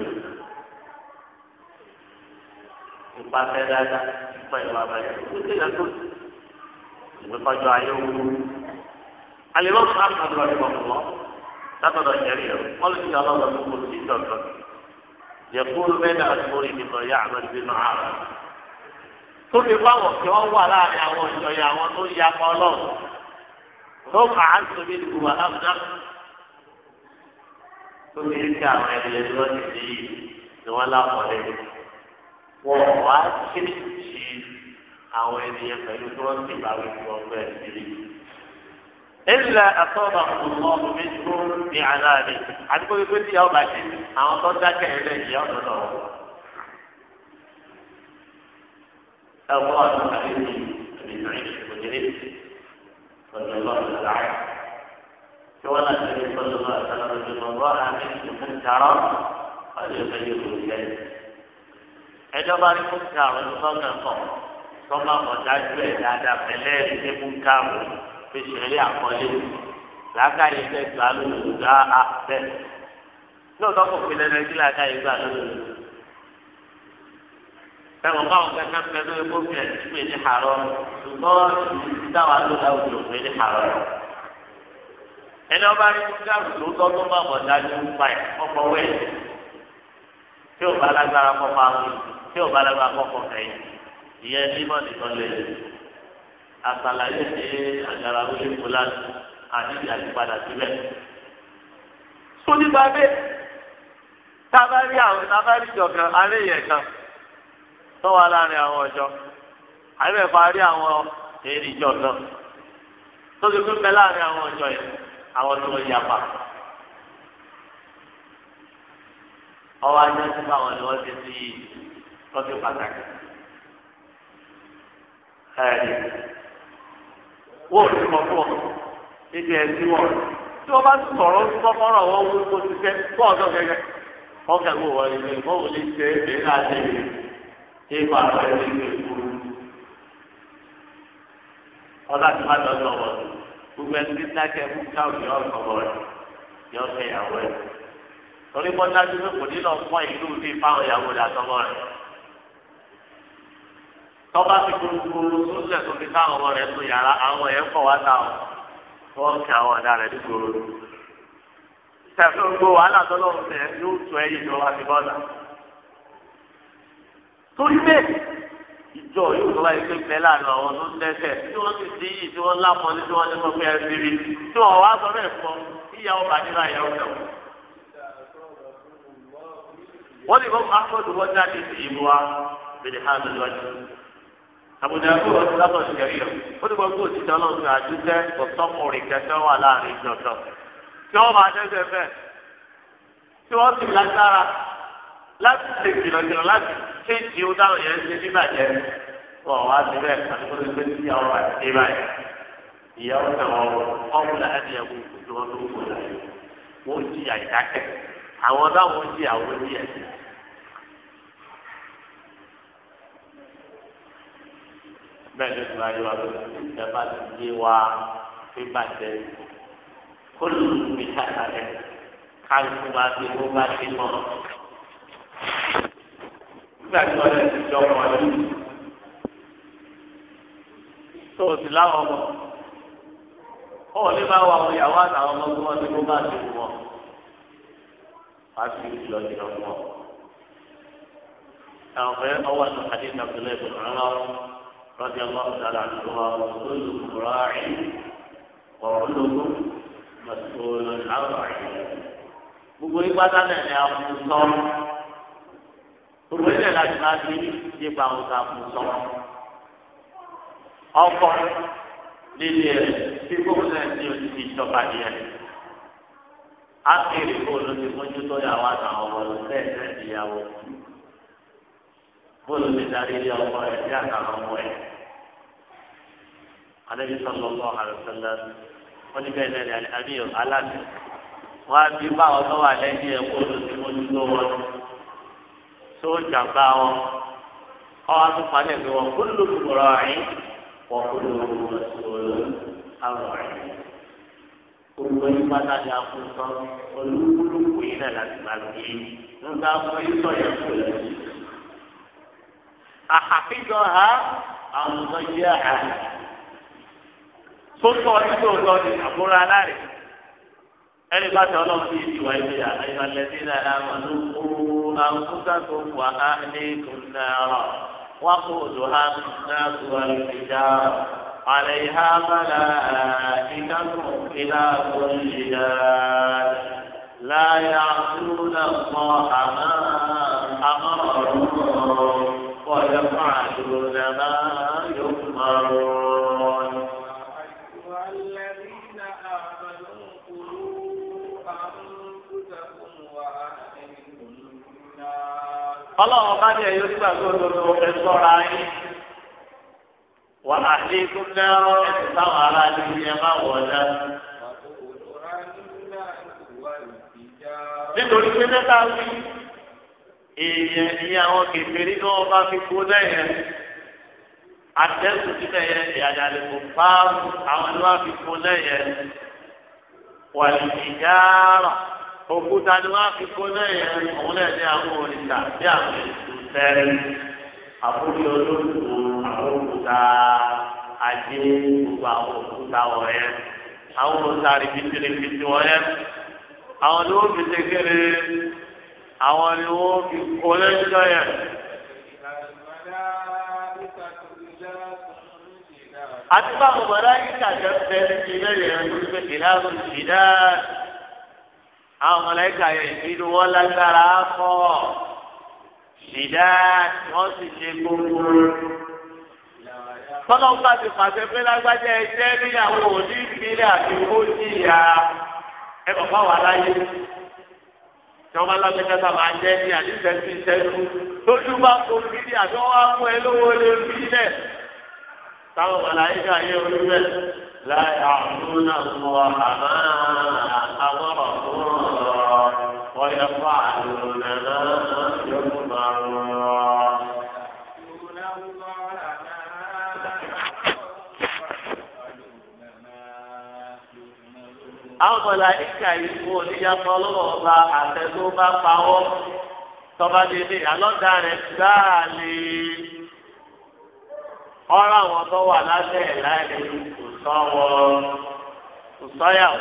S2: ipa fẹ́ dáadáa ipa ìwà àbáyé ó ti yàtọ̀ ìwé kọjọ ayé wúwo alẹ́wọ́n fún akadọ́ ẹ̀kọ́ mọ́ látọ̀dọ̀ ìjẹ́rì ẹ̀ wọ́n lè ti ọlọ́run tó kó sí ìjọ̀kan yẹ̀kúrú bẹ́ẹ̀ náà tó rí nìkan yá àmọ́ ibi náà rà tó fi báwọn kí wọ́n wà láàrin àwọn ìjọyà àwọn tó yà pa ọlọ́run tó kà á tóbi ìgbìmọ̀ àbúdá tó ti rí sí àwọn ẹgbẹ́ tí wọ́n ti di ni wọ́n lápọ̀lẹ́ wọn wá ṣèṣì àwọn ènìyàn pẹ̀lú tí wọ́n ti bá wí fún ọgbẹ́ ìdílé. إلا أصابهم الله منه بعذاب àdúgbò gbogbo ti yàwó bàjẹ́ àwọn tó dákẹ́ ẹ̀rẹ́ ìyá ọ̀dọ̀ náà. ẹ̀wọ́n àti àbẹ̀yẹ ìrìnàjò kò jẹ́rẹ́ ọ̀dọ̀ lọ́dọ̀ láàyè. ولا النبي صلى الله عليه وسلم من راى منكم منكرا فليغيره بيده ẹjọba ní kókè àwọn ìsọkè kọ sọgbà mọdájú ẹ dáadáa pẹlẹ ẹgbẹ múkàmù fi ṣẹlẹ̀ àkọlé làákàyè fẹẹ gbà lóòlù gbà á bẹ lóòótọ́ kò fi lẹ́nu ẹjí làákàyè gbà lóòlù ẹwọn káwọn kankan pẹ̀lú ẹgbẹ òfin ẹtí pé ní àárọ̀ ṣùgbọ́n ìdáwà ló dáwọ́ òfin ní àárọ̀ ẹni ọba rí gáàrú tó tọ́ tó má bọ̀ dájú pa ẹ̀ ọkọ̀ wẹ̀ tí ò bá lágbára kọ́ máa wí tí ò bá lágbára kọ́ kọ́ kẹ́yìn ìyẹn bímọ nìkan lè àtàlàyé ṣe àgàrà wọlé fúlá àti àyípadà síbẹ̀. tó nípa bẹ́ẹ̀ àwọn tábàárí jọ̀kan alẹ́ yẹn kan tó wà láàrin àwọn ọjọ́ àyẹ̀fẹ̀ parí àwọn èrè jọ̀kan tó ti pín bẹ́ẹ̀ láàrin àwọn ọjọ́ yẹn àwọn tó ń yapa ọwọ́ ajá sí báwọn ni wọ́n ti ti tọ́jú pàtàkì ẹ̀ẹ́dì wọ́n ò tún mọ fún ọ níbi ẹ̀sìn wọn tí wọ́n bá sọ̀rọ̀ sí wọn wú kó ti fẹ́ kó ọ̀dọ́ gẹ́gẹ́ wọ́n kẹ́ kó wọlé ní ìfọ́ wọlé ṣe é bẹ́ẹ̀ náà ṣe é ṣe é bá àwọn ẹ̀sìn tí wọ́n á tọ́jú ọ̀wọ́ gbogbo ẹni tí dákẹ́ fún káwọn yọ ọ̀sọ̀rọ̀ rẹ̀ yọ ọ̀sẹ̀ ìyàwó rẹ̀ torí bọ́ dájú pé kò ní lọ fún ìlú bíi fáwọn ìyàwó rẹ̀ àtọ́mọ́ rẹ̀ tọ́ba ti gbogbo tó fi káwọn ọmọ rẹ̀ tó yàrá àwọn ẹ̀ ń kọ̀ ta ọ̀ tó kí àwọn ọ̀dà rẹ̀ dúgbòrò tẹ̀sán gbogbo wàhálà ìjọ yóò tó báyìí pé bẹ́ẹ̀ lànà àwọn tó ń dẹ́sẹ̀ tí wọ́n ti di yìí tí wọ́n lápọ̀ ní tí wọ́n ní sọ pé ẹbí rí tí wọ́n wá sọ bẹ́ẹ̀ fọ ìyàwó bàdínà ìyàwó náà. wọ́n ní kó akọ́dù wọ́n jáde sí ìlú wa bèrè hàn lọ́jọ́. àbùdá kó o ti lábọ̀ sí ẹ̀rí ọ̀ ó ní gbogbo òṣìṣẹ́ ọlọ́run àdúgbẹ́ láti ṣe kìlọ̀kìlọ̀ láti ṣe ìdí ó dáhùn yẹn ṣe bíbàjẹ́ wọ wá síbẹ̀ àtúntò pé kí ọrọ̀ àti dé báyìí ìyàwó náà wọ ọ̀húnlá ẹni ẹ̀kú ojú wọn tó wù láyé wọ́n jí àìdákẹ́ àwọn táwọn jí àwọn jí ẹ̀sìn. bẹ́ẹ̀ ló ti máa yọ ọdún ìjọba ti gbé wa bíbàjẹ́ kó lù mí káàkiri káàkiri nígbà tí wọ́n lè ti jọ ọmọ yìí tó o sì láwọn ọmọ ó lè máa wọ àwọn ìyàwó àtàwọn ọmọ tí wọ́n ti kó bá ti wù wọn wá sí ìlọ ìlọ wọn. àwọn ọ̀rẹ́ ọwọ́ àti àdéhùn àbúlé ìbùdó ọlọ́run رضي الله تعالى عنه وكلكم راع وكلكم مسؤول عن رعيته gbogbo ipa sábẹ ni a gbogbo ilẹ̀ láti máa fi nípa àwọn ìtàkùn sọ ọkọ lílé rẹ tí gómìnà ti o ti ìjọba yẹn ákèrè kó ló ti mójútó ìyàwó àtàwọn ọmọ rẹ bẹ́ẹ̀ náà ìyàwó bóòlù ti darí ilé ọkọ rẹ bí àtàwọn ọmọ rẹ alẹ́ bí sọ́lọ́ lọ́wọ́ àrùsọ́lá wọ́n ní bẹ́ẹ̀ náà ní àbí aláṣẹ wọ́n á fi bá ọ̀dọ́ wà lẹ́yìn ẹ̀kọ́ ló ti mójútó wọn tó jàmbá wọn ọwọ́ àtúpalẹ̀ pé wọn kó ló gbọ́rọ̀ ẹ̀yìn wọn kó ló gbọ́rọ̀ àrùn ẹ̀yìn gbogbo yín pátá ni a kún sọ olúkúlùkù yín náà láti máa gbé nígbà fún yín sọ yẹn kú lẹ. àhàfíjọ ha àwọn ọ̀sán jẹ́ àhà tó tọ́ ọdún tó tọ́ àbúrò aláàrẹ̀ ẹni bá tẹ ọlọ́run sí ìwà ìgbéyà ẹ̀yìn alẹ́ sí ìlànà àwọn olókùn. أنفسكم وأهليكم نارا وقودها الناس والحجارة عليها ملائكة إلى كل جاد لا يعصون الله ما أمرهم ويفعلون ما يؤمرون ọlọ́run bá ní ẹ̀yọ́ nígbà tó lọ́dọ̀ ẹ sọ́ra yín wà á ní kó lẹ́rọ ẹ̀sìn táwọn ará ní ilé má wọ̀ọ́dá. nítorí pé mẹ́ta wí èèyàn ní àwọn kèfèrí ní wọn bá fi kó lẹ́yìn àtẹ́sùn sílẹ̀ yẹn ìyàjàlè kò bá àwọn ni wọ́n fi kó lẹ́yìn wà ní ìyára òkúta ni wọ́n á fi kó náà yẹn òun náà ní àwọn òrìṣà bí àwọn èso tẹ́lẹ̀ àbúrò olóòtú àwọn òkúta ajé gbogbo àwọn òkúta wọ̀nyẹn àwọn òkúta rìbìtìrìbìtì wọ̀nyẹn àwọn ni wọ́n fi ṣe kéré àwọn ni wọ́n fi kó lẹ́jọ́ yẹn. àti báwo mọ̀lá yìí kàjọ bẹ́ẹ̀ ní ilé yẹn ló ń gbé ìlànà ìdáàbò àwọn mọ̀lẹ́kà yẹn ìbínú wọn lágbára pọ̀ ṣìdá wọn sì ṣe gbogbo. tọ́lọ́gbà ti pàṣẹ pé lágbájá ẹjẹ́ níyàwó òní ìpínlẹ̀ àti ojìyà ẹ bọ̀ fáwọn aláyé tí wọ́n bá lágbájá sábà ń jẹ́ ní àdìsẹ́sì ìṣẹ́nu lójú bá kó gidi àti wọ́n mú ẹ lówó lé orílẹ̀ táwọn mọ̀lẹ́kà yẹn olú bẹ́ẹ̀ àwọn ọmọ àmọ́ àwọn ọ̀rọ̀ ويفعلون ما يؤمرون àwọn mọ̀láyíkà ìfún oníyàtọ̀ ọlọ́wọ́ ọba àtẹ̀tò pawọ́ tọba délé àlọ́dà rẹ̀ gbáà lé àwọn tó wà lábẹ́ ẹ̀ láì kò sọ́wọ́ kò sọ́yàwó.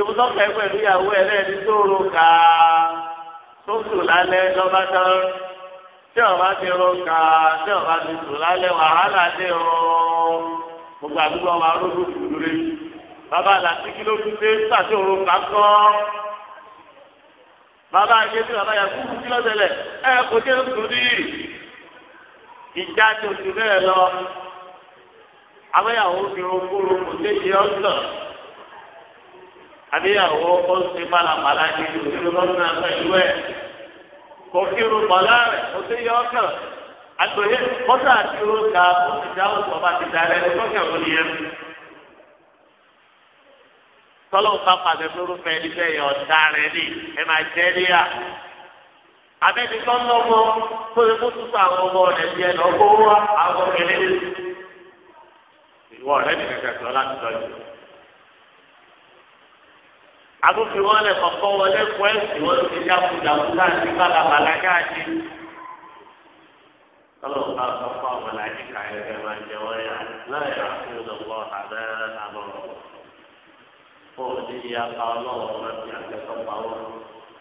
S2: ibùdó pẹ̀lú ìyàwó ẹ lẹ́ni tó ro kà tó sùn lálẹ́ lọ́ba tán tí ọba ti ro kà tí ọba ti sùn lálẹ́ wàhálà dé o gbogbo ọba rògbò kúndùrè bàbá àlàtí kìlómítà tàbí òru kà kọ́ bàbá àgbẹ̀tì bàbá yà kú kú kìlọ̀ ẹ kò dé oṣù ní ìjà tó ti bẹ́ẹ̀ lọ àwọn ìyàwó fi ro kúrò kò dé ìyọ́ sọ̀rọ̀ àbíyàwó ó ṣe pálapàla ní ìlú lọ́nà pẹ̀lú ẹ̀ kò kírun bọ̀lá rẹ̀ kò sí yọ ọkàn àgbèrè kọ́tà àti orókà ó ti dáwọ́ tó ọba ti darẹ̀ ní kọ́kẹ́ òní yẹn. tọ́lọ́wọ́ bá pàṣẹ fúrúfẹ́ ilé ẹ̀ ọ̀dà rẹ̀ ní ẹ̀ máa jẹ́ níyà. abẹ́ni tó ń lọ́mọ tó lè kó tútù àwọn ọmọ rẹ̀ bí ẹ̀ lọ́gbọ́n wá àwọn ọmọ àtúntì wọn lè kọkọ wọlé fún ẹsìn wọn ti jákujàku láti balabala káàkiri tọ́lọ̀ bá sọ fún àwọn aláìka ẹgbẹ́ máa jẹ wọ́n yá láì àfihàn lọ́wọ́ àbẹ́ àbọ̀rọ̀ fún òní ìyá pa ọlọ́wọ́ máa fi àtẹ́kọ̀ọ́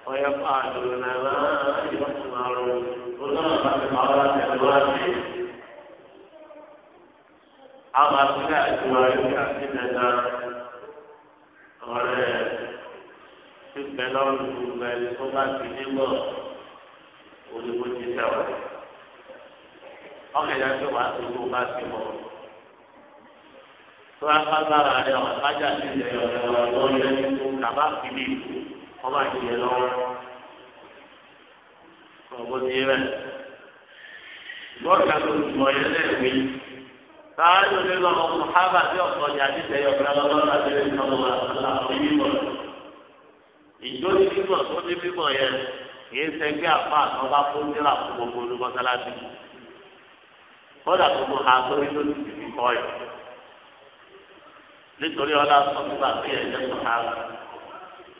S2: pa yẹ fún àdúró náà máa yọ sí máa rọ olóòwò bá ti pa wọ́n láti ẹ̀rọ láti. àwọn àtúntì àti wọn ẹgbẹ́ àti mẹ́ta ọ̀rẹ́ ẹ̀ fífẹ́ lọ́rùn gbogbo ẹni tó bá ti dé bọ̀ olùkó ti tẹ̀ ọ́. ọkẹ́ ìdájọ́ wàá tó tó bá ti bọ̀. tó bá bá bára rẹ̀ ọ̀ bájà ti lẹ̀ ọ̀rọ̀ lọ́rùn ẹni tó kàbá fi lè ọba ìjìyẹ lọ́wọ́. ọ̀bọ̀n ti rẹ̀. bọ́ọ̀kà tó ti yẹn lẹ́ẹ̀mí. sáájú nínú ọmọ mùhábà tí ọ̀sán yàtí tẹ̀yọ̀ fúnra lọ́wọ́ ìjọ ní mímọ̀ tó ní mímọ̀ yẹn kìí sẹgbẹ́ àpá àtọ́ba fún nílà fún gbogbo olùkọ́sálásí kódà gbogbo àtọ́rí ló ti fi kọ́ ẹ̀ nítorí ọlá sọ nígbà tí ẹ̀ jẹ́ sọ ha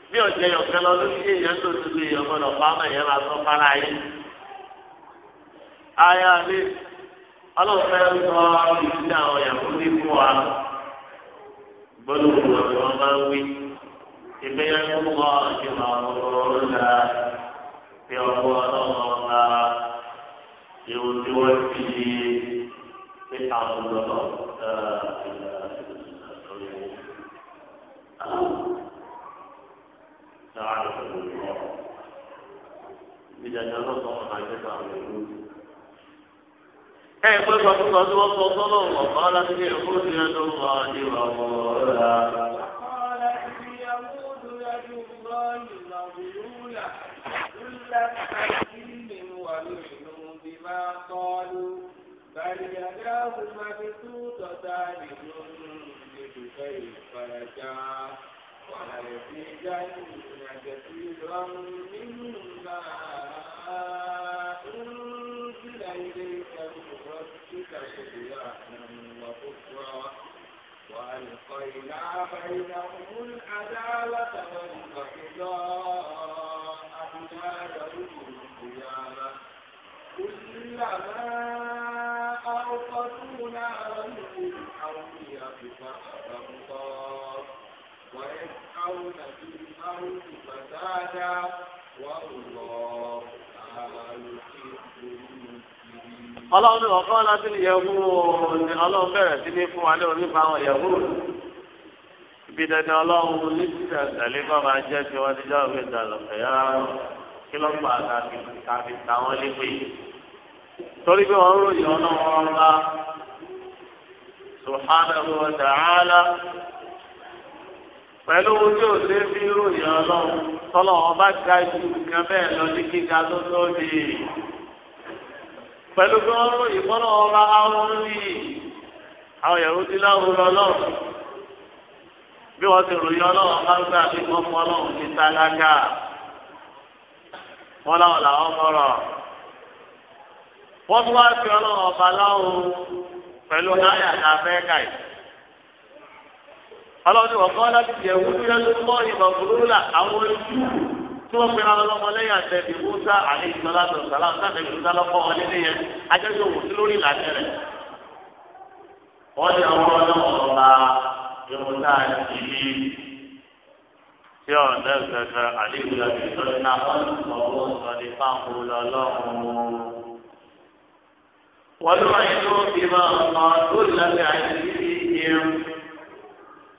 S2: bí ọ̀jẹ̀ yọ̀kẹ́ lọ lórí èèyàn tó ti lè yọ̀kọ́ lọ fáwọn èèyàn máa sọ fara yìí ayé alẹ́ ọlọ́fẹ́ ń sọ ìdílé àwọn yàtọ̀ ní fún wa gbọ́dọ̀ wọ̀ ni wọ́n máa ń wí ìgbéyàwó wọn ti máa ń rọrùn lọ́la fi ọwọ́ ọlọ́run ńlá ìwò tí wọ́n ti di pé àwọn ọ̀dọ́ láti ṣe ìkúrò sí ẹ̀dọ́ ọ̀gá ìwà ọ̀gá. الله مغلولة ذلت أيديهم ولعنوا بما قالوا بل يداه مبسوطتان ينفق كيف يشاء وليزيدن كثيرا مما أنزل إليك من ربك طغيانا وكفرا وألقينا بينهم العداوة والبغضاء إلى يوم القيامة كلما أوقدوا نارا من حولها فتحت أمطار ويسعون في الأرض فسادا والله ọlọ́run ní ọ̀kan láti ní yẹ̀wù ní ọlọ́run bẹ̀rẹ̀ sí ní fún wa ní onípa àwọn yẹ̀wù ibi dandan ọlọ́run ní tẹ̀lé kọ́ máa jẹ́ tí wọ́n ti jọ́ òwe ìdàlọ́fẹ́ yára kí ló pa tàbí táwọn lépe torí pé wọ́n ròyìn ọlọ́run ọba subhanahu wa ta'ala pẹ̀lú ojú òde bí ròyìn ọlọ́run tọ́lọ́ ọba ga ju lọ ní kíga tó pẹ̀lú bí wọ́n ròyìn fọ́nà ọba áwùrí àwọn yahudi láwùrọ̀ bí wọ́n ti ròyìn ń gbà bí wọ́n wọ́n láwọn làwọn mọ̀rọ̀ wọ́n tún wá sí ọlọ́run ọba láwùn pẹ̀lú náírà tá a yìí. ti wọ̀ kọ́ láti tí wọ́n pera wọn lọ́mọ lẹ́yìn àtẹ̀bí musa àlejòlá tó sàlám sàtẹ̀bí musa lọ́kọ́ wọn nílé yẹn ajẹ́jọ́ wò sí lórí ìlànà rẹ̀. wọ́n ní ọmọ ọlọ́wọ́ la ìmúta ìdí tí ọ̀dẹ́ gẹ́gẹ́ àlejòlá tó sọ́dún náà wọ́n ti sọ owó sọ́dún fáwọn olọ́lọ́run. wọ́n lọ́ọ́ yẹn tó fi máa ń sọ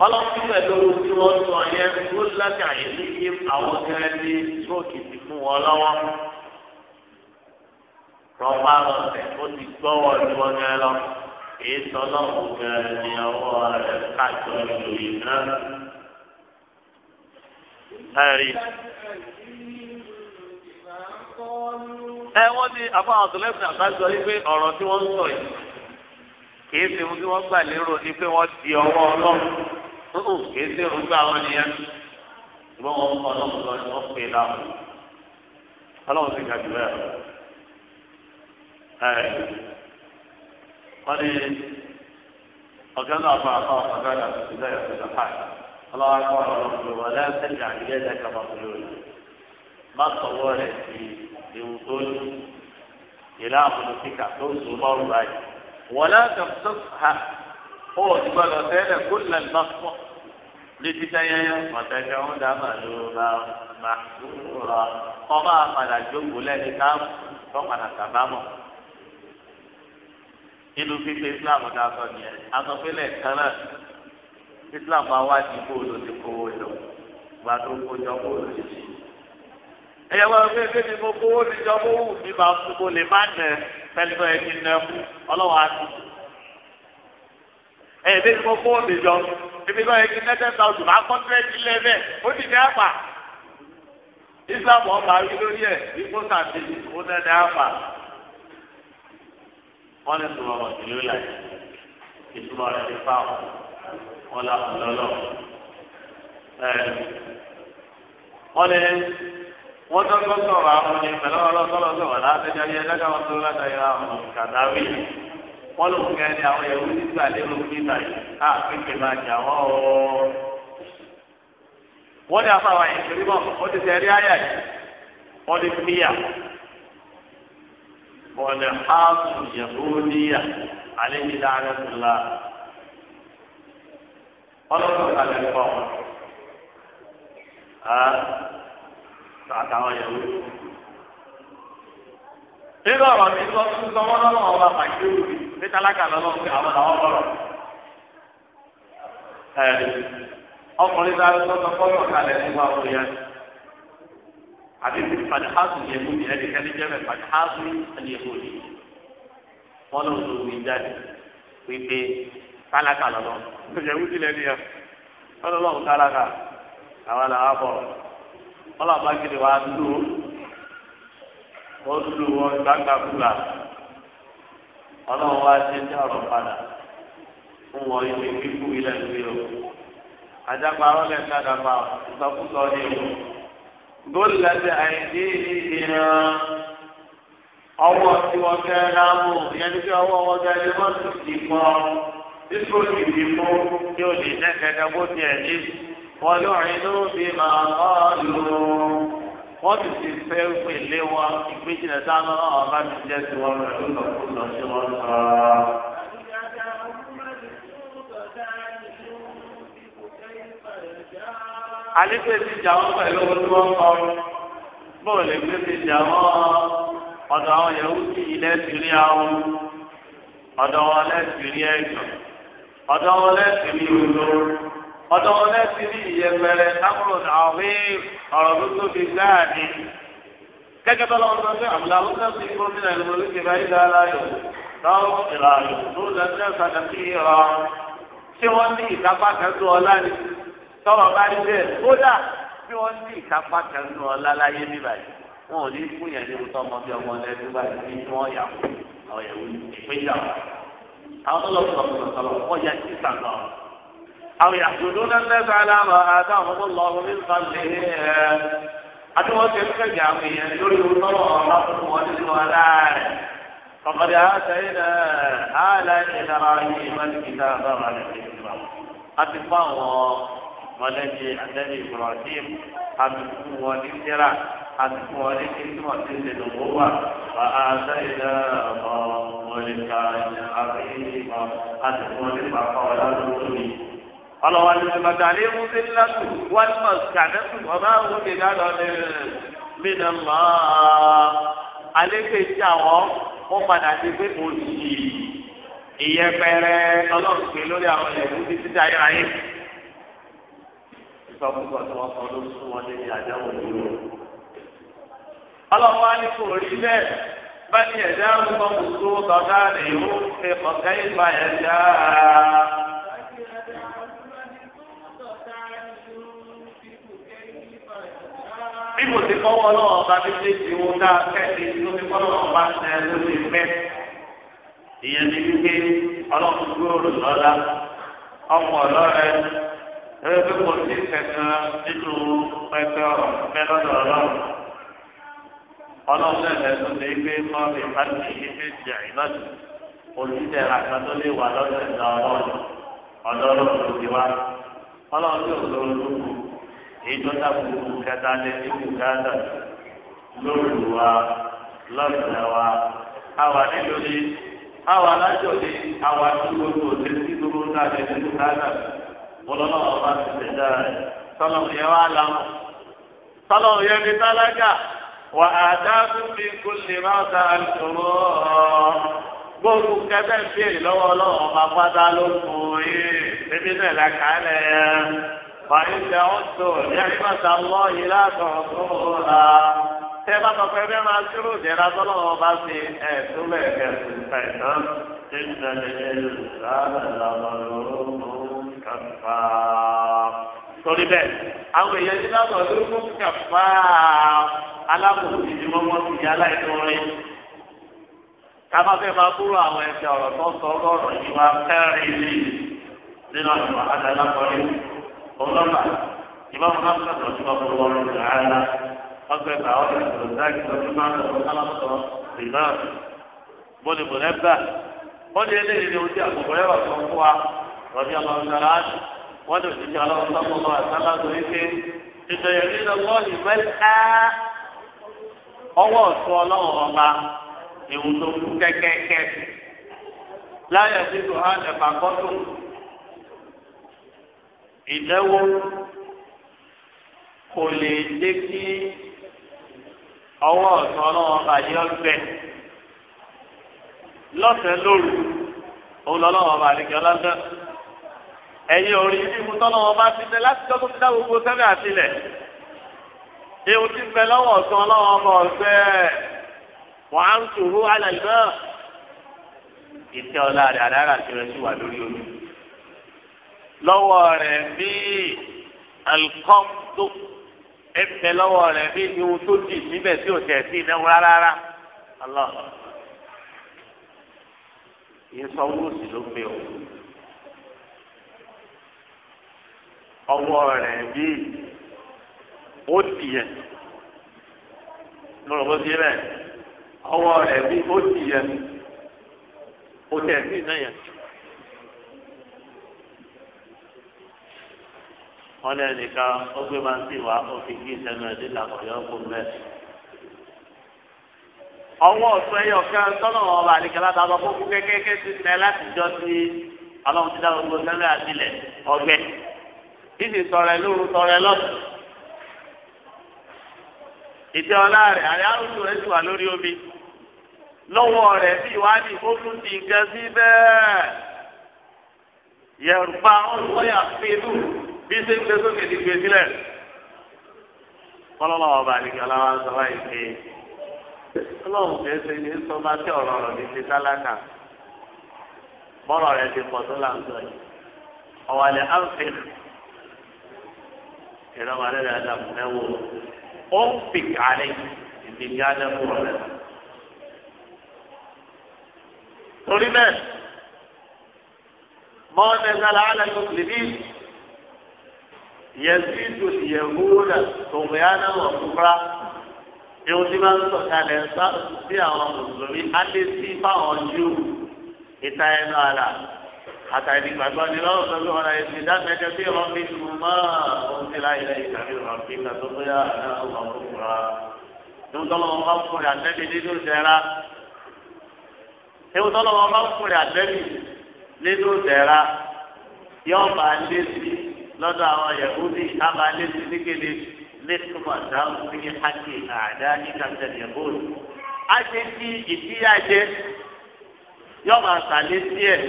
S2: ọlọ́run pẹ̀lú tí wọ́n sọ yẹn ló lákà yìí kí àwọn kẹrẹ́ ní stroke ti fún wọn lọ́wọ́. rọ́bà lọ́sẹ̀ ó ti gbọ́wọ́ ju wọn kẹrẹ́ lọ èyí sọ lọ́run kẹrẹ́ ní ọwọ́ rẹ̀ kájọ lórí náà. ẹ wọ́n ní àfọwọ́n tó lẹ́sìn àbájọ yìí pé ọ̀rọ̀ tí wọ́n ń sọ yìí kì í ṣe ohun tí wọ́n gbà lérò ni pé wọ́n di ọwọ́ ọlọ́run kìí ṣe orúkọ àwọn ènìyàn ṣùgbọ́n wọn kọ́ ọlọ́run lọ ni wọ́n pè é láàmú ọlọ́run sì ga jù bẹ́ẹ̀ ẹ̀ wọ́n ní ọ̀gá náà fún akọ́ ọ̀gá náà tó ti lọ́yọ̀ tó sàpá ọlọ́run akọ́ ọlọ́run lọ wọ́n lẹ́yìn sẹ́yìn àdìyẹ ẹ̀jẹ̀ kàmá fúlẹ̀ rẹ̀ má sọ̀wọ́ rẹ̀ sí ewu tó ní ìlà àbùdókítà tó ń sọ báyìí wọ́n lẹ́yìn ó ti gbọ́dọ̀ tẹ́lẹ̀ kó lẹ̀ lọ fún létí tẹ́yẹ́yẹ́ ọ̀tẹ̀kẹ́ ń dá màlúù bá màlúù rà kọ́ máa padà jókòó lẹ́ni káàmù tó padà sàbámọ̀ nínú fífi islam náà sọ nìyẹn asọ̀pẹ́lẹ̀ kan náà islam máa wá di bóòlù ti kówó lọ gba tó kójọ bóòlù ti di. ẹ̀yẹ́ wọ́n fi ẹgbẹ́ mi mo kówó ti jọ wù mí máa fún mo lè má nẹ pẹ̀lú ẹni nẹ́kú ọlọ́wọ́ á ti ẹ̀ ẹ̀ kó fóònù jọ ebi kọ́ ẹ̀ kí nẹ́tẹ̀ tàwùsùn máa kọ́ tẹ́lẹ̀ ilé bẹ́ẹ̀ ó ti ní àpà Islam ọba rí lórí ẹ̀ ikú sàbí ó nẹ́ẹ̀ àpà wọ́n lè sọ̀rọ̀ ọ̀rọ̀ ìlú ìlà ìtumọ̀ rẹ̀ ti fa wọn làwọn lọ́lọ́ wọ́n lè wọ́n tọ́jú sọ̀rọ̀ àwọn ènìyàn pẹ̀lú ọlọ́sọ̀rọ̀ sọ̀rọ̀ láti jẹ́ ẹlẹ́gàwọ́n tó wọ́n lò fún ẹni àwọn ẹ̀rú nígbà lérò nígbà yìí á kékeré máa jà wọ́n o. wọ́n ní afọ àwọn ẹ̀yìn torí bọ̀ ó ti tẹ̀rí wọ́n ní wọ́n ní hásù alẹ́ ní kàlẹ́ kọ́ àtàwọn nínú ọ̀rọ̀ mi òbí. bí tálákà lọ́wọ́ pé àwọn làwọn bọ̀rọ̀ ọkùnrin bá lọ́sọ fọ́tọ̀ kalẹ̀ nípa òun yẹn àbí fi fàdíhásù yẹ̀wò ní ẹnikẹ́ni jẹ́mẹ̀ fàdíhásù yẹ̀wò ní wọn lọ sọ wí jáde wípé tálákà lọ́wọ́ yẹ̀wò sílẹ̀ ní ẹ̀ ọlọ́wọ́ tálákà àwọn làwọn bọ̀rọ̀ dúró wọ́n dúró wọn gbàgbà kúlà. ọlọ́run wá ṣe ń dárò padà fún wọn ibi kíkú ilẹ̀ ìwé o àdàpà ọlẹ́ kàdàpà ìsọkúsọ ni o gbólù àti àìdí ìhàn ọwọ́ tí wọ́n fẹ́ rámù ìyẹn ní kí ọwọ́ wọn fẹ́ lé wọ́n sì ti pọ̀ dípò ìdí mú tí ó lè dẹ́kẹ̀dẹ́ bó tiẹ̀ ní wọ́n lóorin ló fi máa lù ú. wọ́n ti ti fẹ́ pèlè wọn ìgbésílẹ̀ sáánù náà wọ́n bá ti jẹ́ sí wọn lọ́dún lọ́dún lọ́dún wọn sọ.
S1: Àlífẹ́ ti jà wọ́n pẹ̀lú ojú wọn kọ́.
S2: Bóò lè gbé ti jà wọ́n ọ̀dọ̀ àwọn yẹ̀wù sí ilẹ̀ ìrírí àwọn ọ̀dọ̀ wọn lẹ́sìn rí ẹ̀jọ̀ ọ̀dọ̀ wọn lẹ́sìn rí odò ọ̀dọ̀ wọn lẹ́sìn rí ìyẹ̀pẹ̀rẹ̀ lábúrò àwọn èèyàn ọ̀rọ̀ tó tóbi gáàdì gẹ́gẹ́ tó lọ́wọ́ sọ́kẹ́ àbúlá ó sọ sí fún mílíọ̀nù olókè báyìí dára yò lọ́wọ́ ìrààyò tó lọ́sẹ̀ sàkà sí ìrọ̀ tí wọ́n ní ìkápá kẹ́tù ọ̀la ni tọ́rọ̀ bá ní bẹ́ẹ̀ kódà bí wọ́n ní ìkápá kẹ́tù ọ̀la láyé ní báyìí wọn ò ní fún yẹn ní wọ́tọ́ ọmọ bí ọmọ lẹ́nu báyìí ní wọ́n yà wọ́n àwọn wọ́n àwọn yàtúndún náà lẹ́sẹ̀ aláàmà àtàwọn ọmọ lọ́wọ́ ní ìfàlẹ́ àti wọ́n ti ń kẹ́kẹ́ àwọn èèyàn lórí olùtọ́wọ́ ọ̀rọ̀ fún wọn nínú ọ̀la rẹ̀ ọ̀kadà àtẹ̀yìnà àlà ìdára yìí má ní kìtà àbára rẹ̀ nígbà àti fún àwọn mọ̀lẹ́bí àtẹ̀lẹ́ ìbùrọ̀dìm àti fún wọn ní sẹ́ra àti fún wọn ní kí wọ́n ti lè lò wó wà wà àtẹ̀yìnà ọ̀mọ̀lẹ́ka àti fún wọn ní pàpà ọ̀la lórí ọlọ́wọ́ alùpùpàtàlẹ́ mùsùlùmí wọ́n mọ̀ sàdẹ́sù ọba àwọn òkèèdè àlọ́lẹ̀ mìíràn lọ́ alẹ́kẹ̀ẹ́sì àwọn ó padà ti pé òsì ìyẹpẹrẹ ọlọ́run pé lórí àwọn ẹ̀kú ti títí ayérayé ìsọfúnpọ̀ tí wọ́n sọ ló sún wọn lé ní àdáwọ̀ yìí o ọlọ́wọ́ alùpùpù rí bẹ́ẹ̀ bani ẹ̀dá ń bọ̀ mùsùlùmí tọ́ka nìyó ẹ̀kọ́ kẹ́yìn ẹ̀dá.
S1: bí mo ti kọ́wọ́ náà ọba títí ti wo ká kẹ́sì tí mo ti kọ́ náà ọba ṣe é ló ti pẹ́.
S2: ìyẹn ni wípé ọlọ́run gbòòrò lọ́la ọmọ ọlọ́rẹ ẹgbẹ́ pé kò sí kankan nínú pẹ́pẹ́ ọ̀rọ̀ mẹ́lọ́dọ̀ ọlọ́run. ọlọ́run náà lẹ́nu lé gbé mọ́rin ìbáṣe ìdíje jẹ̀ ìlọ́dì olùdíje tó lè wà èyí tó dábòbò kẹta lẹ́sìn bùkátà lóru wa lọ́sẹ̀ wa àwa nílò ní àwa alájọ ní àwa tó gbogbo lẹ́sìn gbogbo náà lẹ́sìn bùkátà bọ́lọ́lọ́ ọba ti tẹ̀dá rẹ̀ sọlọ́ yẹ wá láwọn sọlọ́ yẹ ní tálákà wà á dákún bí kò lè má ta àlùkòrò gbogbo kẹfẹ́ ń bèèrè lọ́wọ́ ọlọ́wọ́ ọba pátá ló fún yín ebi náà la kàálẹ̀ yẹn fàyín ṣe ọ̀tọ̀ yẹ́nìmọ̀tà lọ́yìn látọ̀ ọ̀tọ̀ọ̀la. tẹ́ bá sọ pé bẹ́ẹ̀ máa ṣírò ìdẹ́ra tọ́lọ́wọ́ bá ṣe ẹ̀ẹ́dúnlẹ̀ ẹ̀sùn ṣàìsàn ṣe ń tẹ̀lé torí bẹ́ẹ̀ àwọn èèyàn ti dábọ̀ lórí fún kàfá alákòóso ìdí mọ́mọ́ sí ìyá aláìsọ̀rin káfá fẹ́ máa kúrò àwọn ẹ̀ṣẹ̀ ọ̀rọ̀ tó sọ ọgọ́rùn yìí wá kẹ́rin lé ọlọ́mà ìbámu náà sọ̀rọ̀ sí ọgbẹ́ bá wọn sọ̀rọ̀ máa ń bá wọ́n ojú rẹ̀ wà fún wa rọ̀bí lórí pé ọwọ́ ọ̀tún ọlọ́run ọba kẹ́kẹ́kẹ́ ìnáwó kò lè dé kí ọwọ́ ọ̀sán ọlọ́wọ́n bá yọ lọ́sẹ̀ lóru òun lọ́lọ́wọ́n bá nìkan lọ́sẹ̀ ẹ̀yin orí ibi bá ti láti tọ́ tó ti dá gbogbo sẹ́mi àtìlẹ̀ ti fẹ́ lọ́wọ́ ọ̀sán ọ̀sẹ̀ ń tòrú náà ìtẹ́ rẹ̀ àdára lọ́wọ́ rẹ̀ bíi alikọ́mdó ẹ̀fẹ̀ lọ́wọ́ rẹ̀ bíi ihun tó dì níbẹ̀ tí ò tẹ̀ sí ìnáwó rárá rárá Allah yìí sọ owó sì ló gbé o ọwọ́ rẹ̀ bíi ó dì yẹn lọ́rọ̀ bó ti yẹ bẹ́ẹ̀ ọwọ́ rẹ̀ bíi ó dì yẹn tẹ̀ sí ìnáwó wọn lé nìkan ó gbé máa ń sì wá ó fi kí ìsẹ́nu ẹ̀dín làkọ̀ yọ kó mẹ́. ọwọ́ ọ̀tún ẹyọ kan tọ́nà ọba àdìkẹ́lá ta lọ fún kékeré ti tẹ láti jọ sí ọlọ́run ti dá gbogbo sẹ́lẹ̀ àtìlẹ̀ ọgbẹ́ ìsì tọrẹ lóru tọrẹ lọ́sùn. ìtẹ́ ọlá rẹ̀ àrẹ àrùtù rẹ̀ sì wà lórí omi lọ́wọ́ rẹ̀ bí ìwádìí ó tún ti nǹkan sí bẹ́ẹ̀ yẹ̀rù pa ọ̀rùn wọ́yà bí ṣe ń gbé sókè ti gbé sílẹ̀ kọlọlọ ọba àdìgbò aláwa ń sọ báyìí pé Ọlọ́run kìí ṣe ní sọba tí ọ̀rọ̀ rẹ̀ ní ti tálákà bọrọ rẹ̀ ti pọ̀ tó láǹtọ yìí ọwàlẹ áńfẹ ìrọba rẹ̀ rẹ̀ dàbò mẹwò ó ń pì kárẹ ìdíje adẹkùn rẹ̀ torí bẹ́ẹ̀ mọ ọ nẹsàlá alẹ tó kìlì bíi yẹsídù yẹhúdà tòmíyánà ọ̀kúra irun tí máa ń sọ̀kalẹ̀ sá sí àwọn mùsùlùmí alẹ́sí fáwọn júù ìta ẹnu àlà àtàlí gbàgbọ́ ni lọ́wọ́ sọ́kè wọn àyè sí dákẹ́jẹ́ bí wọ́n fi tù mọ́ ohun tí láyé lẹ́yìn tàbí wọn fi kà tó bóyá àná wọn kúra. irun tọ́lọ́ wọn bá fún rẹ̀ àtẹ́bí nínú ìdẹ́ra irun tọ́lọ́ wọn bá fún rẹ̀ àtẹ́bí nínú ìdẹ́ra yọ̀ọ́ máa lé sí i lọ́dọ̀ àwọn yahudi abalẹ̀ sídìkele lẹ́tùmọ̀ dáhùn sí hàkì àdá ní kàtàkì yahudi. a ṣe kí ìdíyàjẹ yóò máa sàlẹ̀ sí ẹ̀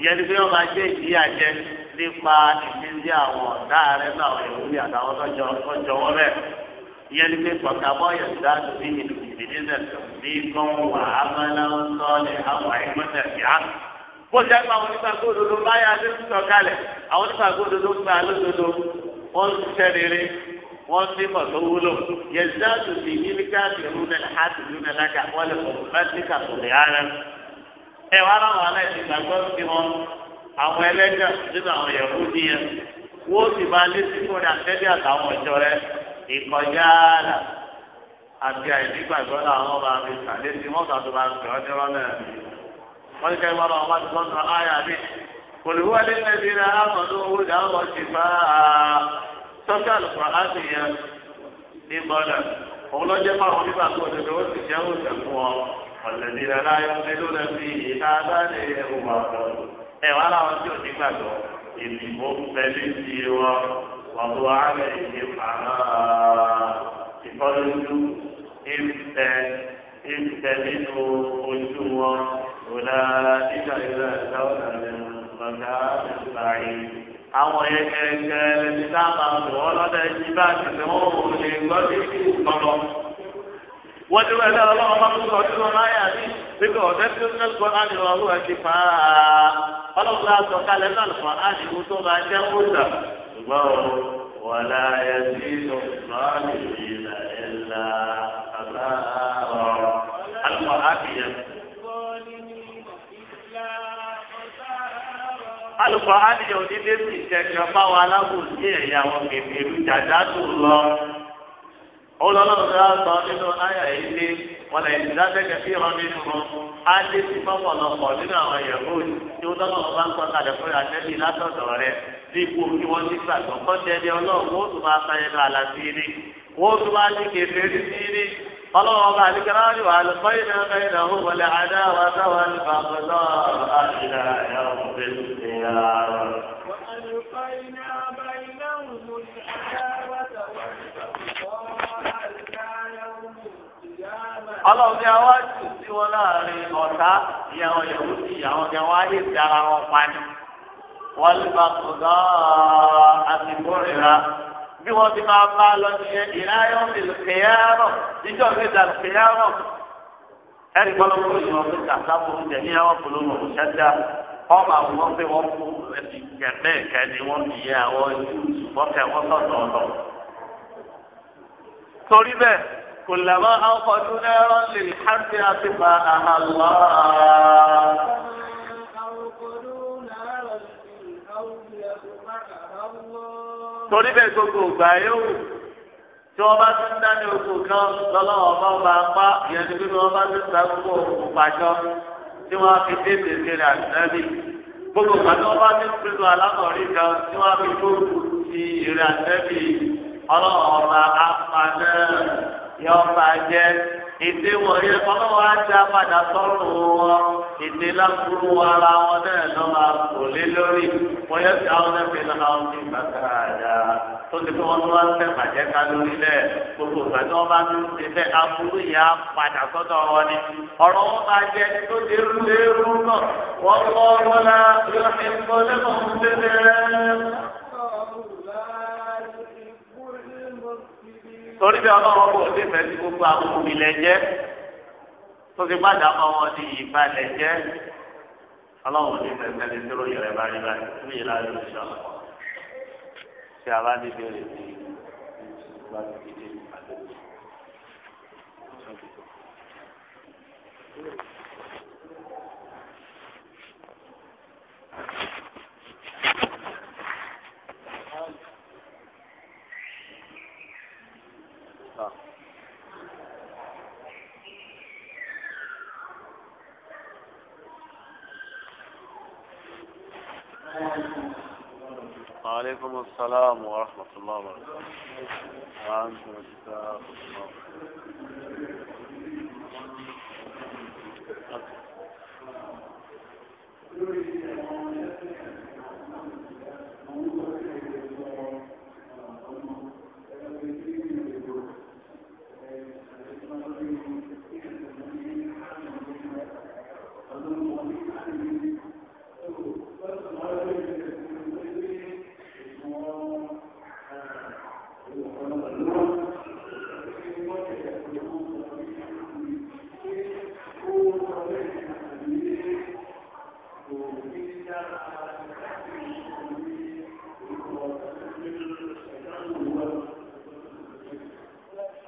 S2: ìyẹn ni pé yóò máa jẹ́ ìdíyàjẹ nípa ìdíjí àwọn ọ̀dá rẹ̀ náà àwọn yahudi àtàwọn tọ́jọ́ wọn bẹ́ẹ̀ ìyẹn pé pọ̀tàbọ̀ yẹ̀dá tó ní ìlú ìdílé náà ní kọ́ wà á máa náà sọ́ọ̀lẹ̀ bó ṣe àgbà àwọn onígbàgbọ́ òdodo báyà ṣe ń sọ kalẹ̀ àwọn onígbàgbọ́ òdodo gbà lódodo wọ́n ń ṣiṣẹ́ rere wọ́n ti mọ̀ tó wúlò yẹ̀sẹ̀ àtúntì níbi káàkiri rúnẹ̀ láti rúnẹ̀ lága wọ́n lè fọ̀rọ̀ láti kàtòlè ara ẹ wá láwọn aláìsí gbàgbọ́ sí wọn àwọn ẹlẹ́jà nínú àwọn yẹ̀wò nìyẹn wọ́n sì máa lé sí fúnra àtẹ́lẹ́ àtàwọn ọ̀jọ́ rẹ ìkọjá àlà àti àìsí gbàgbọ́ làwọn máa fi sàlẹ̀ sí wọ́n kàtó wọ́n ní kẹ́kẹ́ bọ́lá ọba tuntun náà ayà mi olùwà nílẹ̀ bí rẹ̀ àmọ̀dún owó dáwọ̀ ti bá a sọ́kà lùkọ́ á sì yẹ ní bọ́lá òun lọ jẹ́ fáwọn onígbà tó òdodo ó sì jẹ́ òòtù fún ọ ọ̀lẹ́dì rẹ̀ láyọ̀ nínú rẹ̀ fi ìta abáde ọmọ ọ̀dọ́ ẹ̀ wá láwọn tí ò ní gbàgbọ́ ìdìbò pẹ̀lú ti wọn ọ̀dọ́ ààrẹ ìdìbò ìfọ́lójú ìfẹ́ ìfẹ́ nínú ojú wọn. أولئك إذا استولى من مكان بعيد àwọn yẹn kẹ̀kẹ́ lẹni tá a máa lò wọn lọ́dọ̀ ẹni bá ti sè wọn ò lè gbọ́ sí ìkọlọ. wọ́n ti wọ́n ẹ̀dá ọlọ́wọ́ máa ń sọ ọdún náà láyà ní pípẹ́ ọ̀dẹ́ tí ó ń gbọ́ náà ní ọ̀rọ̀ ti fà á. ọlọ́run náà sọ kálẹ̀ náà lọ́wọ́ á ní ohun tó máa jẹ́ ọ̀dà. ṣùgbọ́n wọ́n lá ẹ̀ sí ìlú ìlà ẹ̀là àbá
S1: alùpùpù àdìyẹ onílé ti ìṣẹ̀kan báwọn
S2: alábòsí ẹ̀yà wọn kèfèrú jàdá tó lọ. olólùfẹ́ sọ nínú ayà yìí pé wọn lè dá sẹ́kẹ̀ sí ìran nínú wọn. á lé sí pọ́pọ̀lọpọ̀ nínú àwọn ó bá ń kalẹ̀ fún àtẹ́bí látọ̀dọ̀ rẹ̀ ipò kí wọ́n ti gbàgbọ́ kọ́ńtẹ́ni ọlọ́run ó tún máa wọ́n tún máa ní sí ọlọ́wọ́ bá àlìkẹ́ náà ní wàhálà báyìí náà báyìí náà ó wọlé àdá wa sáwà ní bàbá náà àṣìlá ẹ̀yà òfin ṣe ya. ọlọ́run ní àwọn àjù sí wọn láàrin ọ̀tá ìyàwó yòówù sí àwọn ní àwọn ayé ti ara wọn pa ni wọ́n lè bá kó náà àti kórìíra. bí wọ́n ti máa bá a lọ nìyẹn ìláyọ̀ ìlùkìyàrọ̀ níjọ́ ìwé ìdàlùkìyàrọ̀ ẹ̀rí gbọ́dọ̀ kó ìwọ pé kàtàkù ń jẹ̀mí àwọn polówó ṣẹ́jà ọba wọn pé wọ́n kú ẹ̀sì kẹ̀mẹ́ kẹ́ni wọ́n ti yẹ àwọn ìṣùgbọ́n kẹ́ wọ́n sọ̀tọ̀ ọ̀tọ̀. torí bẹ́ẹ̀ kò lẹ́mọ́ àwọn ọdún náírà lè hàbí àti bá àhàlọ́ àá. torí bẹ́ẹ̀ gbogbo ògbà yóò tí wọ́n bá ti ń dání oko kan lọ́lọ́wọ́ bá wọn pa ìyẹn ní bí wọ́n bá ti ta gbogbo òkú pàjọ tí wọ́n á fi tètè kiri àtẹ́bí gbogbo ògbà tí wọ́n bá ti ń pinnu alákọ̀ọ́rí kan tí wọ́n á fi tó ti ìrìn àtẹ́bí ọlọ́wọ́ bá apá jẹ́ ìdè wọ̀nyẹ ọlọ́wọ́ ajá padà sọ́rọ̀ wọn ìdè lágbóró ara wọn náà lọ́ máa kò lé lórí wọ́yẹ tí àwọn ẹgbẹ́ náà ń fi bàtà àjà tó ti fún wọn tó wọn fẹ́ bàjẹ́ ká lórí lẹ̀ gbogbo ìgbà tí wọ́n bá ń ṣe fẹ́ aburú yà padà sọ́dọ̀ wọn ni ọ̀rọ̀ wọn bá jẹ tó ti rú lérú náà wọ́n kọ́ ọ́
S1: torí bí ọlọ́run kò sí
S2: fẹ́ sí gbogbo àwọn òbílẹ̀ jẹ́ tó fi gbàdá ọmọ ní ìbalẹ̀ jẹ́
S1: ọlọ́run ní fẹ́fẹ́ ní tó lóye rẹ̀ bá rí báyìí tó yẹ láti lè sọ
S2: ṣe àbá ní bèrè ní ìgbà tó ti dé ìpàdé. Thank you. وعليكم السلام ورحمة الله وبركاته
S1: Thank you.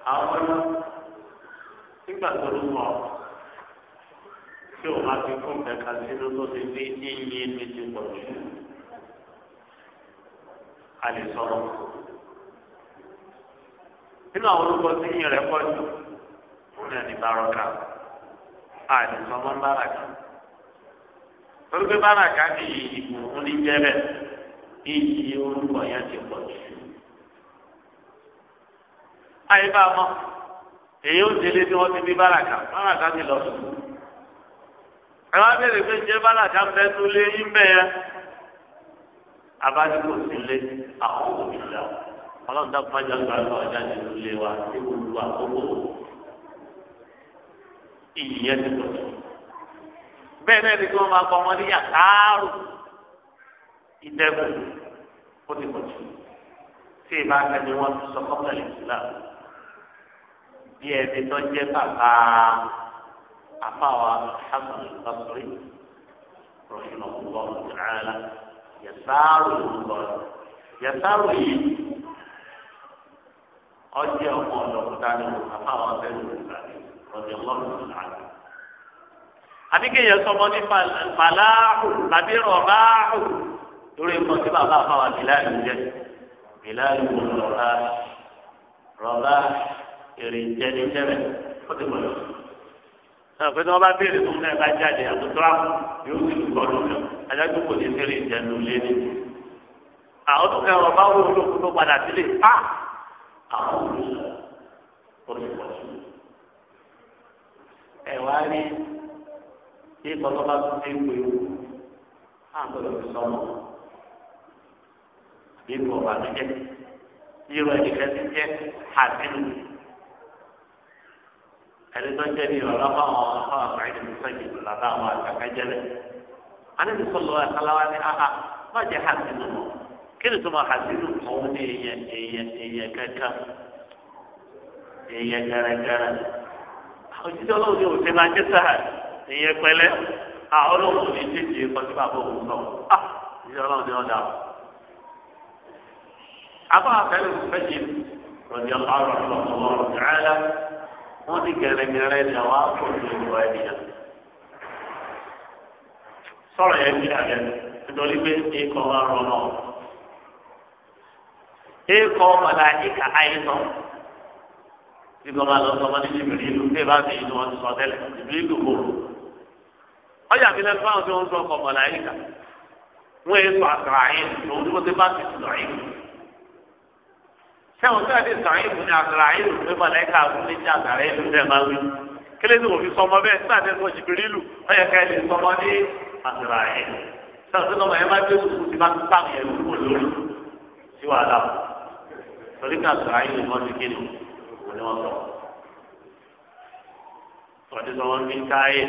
S2: àwọn nígbà tó ló mọ tí o máa fi fún kẹ̀kẹ́ sínú tó ti iye méjì pọ̀ jù a lè sọ̀rọ̀ nínú àwọn olùkọ́ tí yìnyín rẹ̀ pọ̀ jù wọn ní a lè sọ mọ́ báràkà torí pé ìbùkún iye olùkọ́ yẹn ti pọ̀ ayé bá mọ èyí ó délé bí wọn ti bí báràkà báràkà ti lọ sùn ẹ wá bèrè pé jẹ báràkà fẹ tún lé yín bẹ́ẹ̀ abájú kò sí lé àwọn òbí là ọlọ́run dá pàjọ gba ọjọ́ ọjà nínú ilé wa tí kò lu àkókò ìyẹn ti pọ̀ jù bẹ́ẹ̀ náà ni kí wọ́n máa kọ́ ọmọ níyà káàrù ìdẹ́kùn ó ti pọ̀ jù tí ìbá kẹ́ni wọ́n ti sọ kọ́kẹ́lì sílá bí ẹni tó jẹ́ bàbá àfàwà hasan basri rọ̀ṣùnà ọ̀gbọ́n ìrànlá yẹ̀sáàrò ìlúgbọ́n yẹ̀sáàrò yìí ọjọ́ ọmọ ọ̀dọ́kúta ni àfàwà bẹ́ẹ̀ ló ń rọ̀jẹ̀ lọ́rùn ìrànlá. àbíkẹ́yẹ sọmọ ní fàlàhù tàbí rọ̀báhù lórí nǹkan tí bàbá àfàwà bìláàlú jẹ́ bìláàlú rọ̀bá rọ̀bá èrè ìjẹni jẹrẹ ó ti mọ̀ lọ́wọ́. náà pé wọ́n bá béèrè fún náà bá jáde àtúntò àpò yóò sì lù lọ adájọ́ kò ní sẹ́rẹ̀ ìjẹnu lé ní. àwọn tó kẹ́wọ́ bá wọ́n olókùn tó padà sílé á àwọn olùsọ ó ti pọ̀ sí. ẹ wá rí bí ìkọ́tọ́ bá tún dé pé o àgbọ̀dọ̀ fi sọ́nà bí ìkọ̀ bá tún jẹ́ bí ìrọ̀ ẹ̀dẹ̀kẹ́ jẹ́ àbínú. كريمان جري رقا وعطا بعيد المسجد والعطا ما تكجل أنا بصل الله صلى أنا عليه ما جي حسن كل ما حسن قومي إيا إيا إيا إيا كاكا إيا كارا كارا أجد الله يو سنان جسها إيا كويلة أعلم أن يجي قصبا بو مصر أجد الله يو دعا أبا كريم المسجد رضي الله عنه رضي الله تعالى wọ́n ní gẹ̀rẹ́gẹ̀rẹ́ ni àwọn akọ̀tún ìwà ènìyàn. sọ̀rọ̀ yẹn bí àgbẹ̀ nítorí pé ikọ̀ wa rọ̀ náà. ikọ̀ padà ìkà àìsàn tí máa lọ sọ ní jìbìrì ìlú tí ìbá mi ìlú wọn sọ tẹ́lẹ̀ jìbìrì ìlú kò rò. ọjà mi lẹ́nu fáwọn tí wọ́n sọ ọkọ̀ padà ìkà. wọ́n èso àtàrà yẹn lòun tí wọ́n ti bá sẹ́wọ̀n tí a ti sàn yìí fún àgbàrá yìí lù pé mọ̀lẹ́kà abúlé ní àgbàrá yìí lù bẹ́ẹ̀ máa wí. kílé tí kò fi sọmọ bẹ́ẹ̀ nígbà tí wọ́n jìbìrì lù wọ́n yẹ ká ẹ lè sọmọ ní àgbàrá yìí. sọ̀rọ̀ tí lọ́mọ yẹn bá gbé sùkúù ti bá ń pa yẹn lù kó lórí sí wàhálà o. torí ká àgbàrá yìí lù wọ́n ti kéde wọ́n ni wọ́n sọ. tọ́jú sọ wọn fi káyé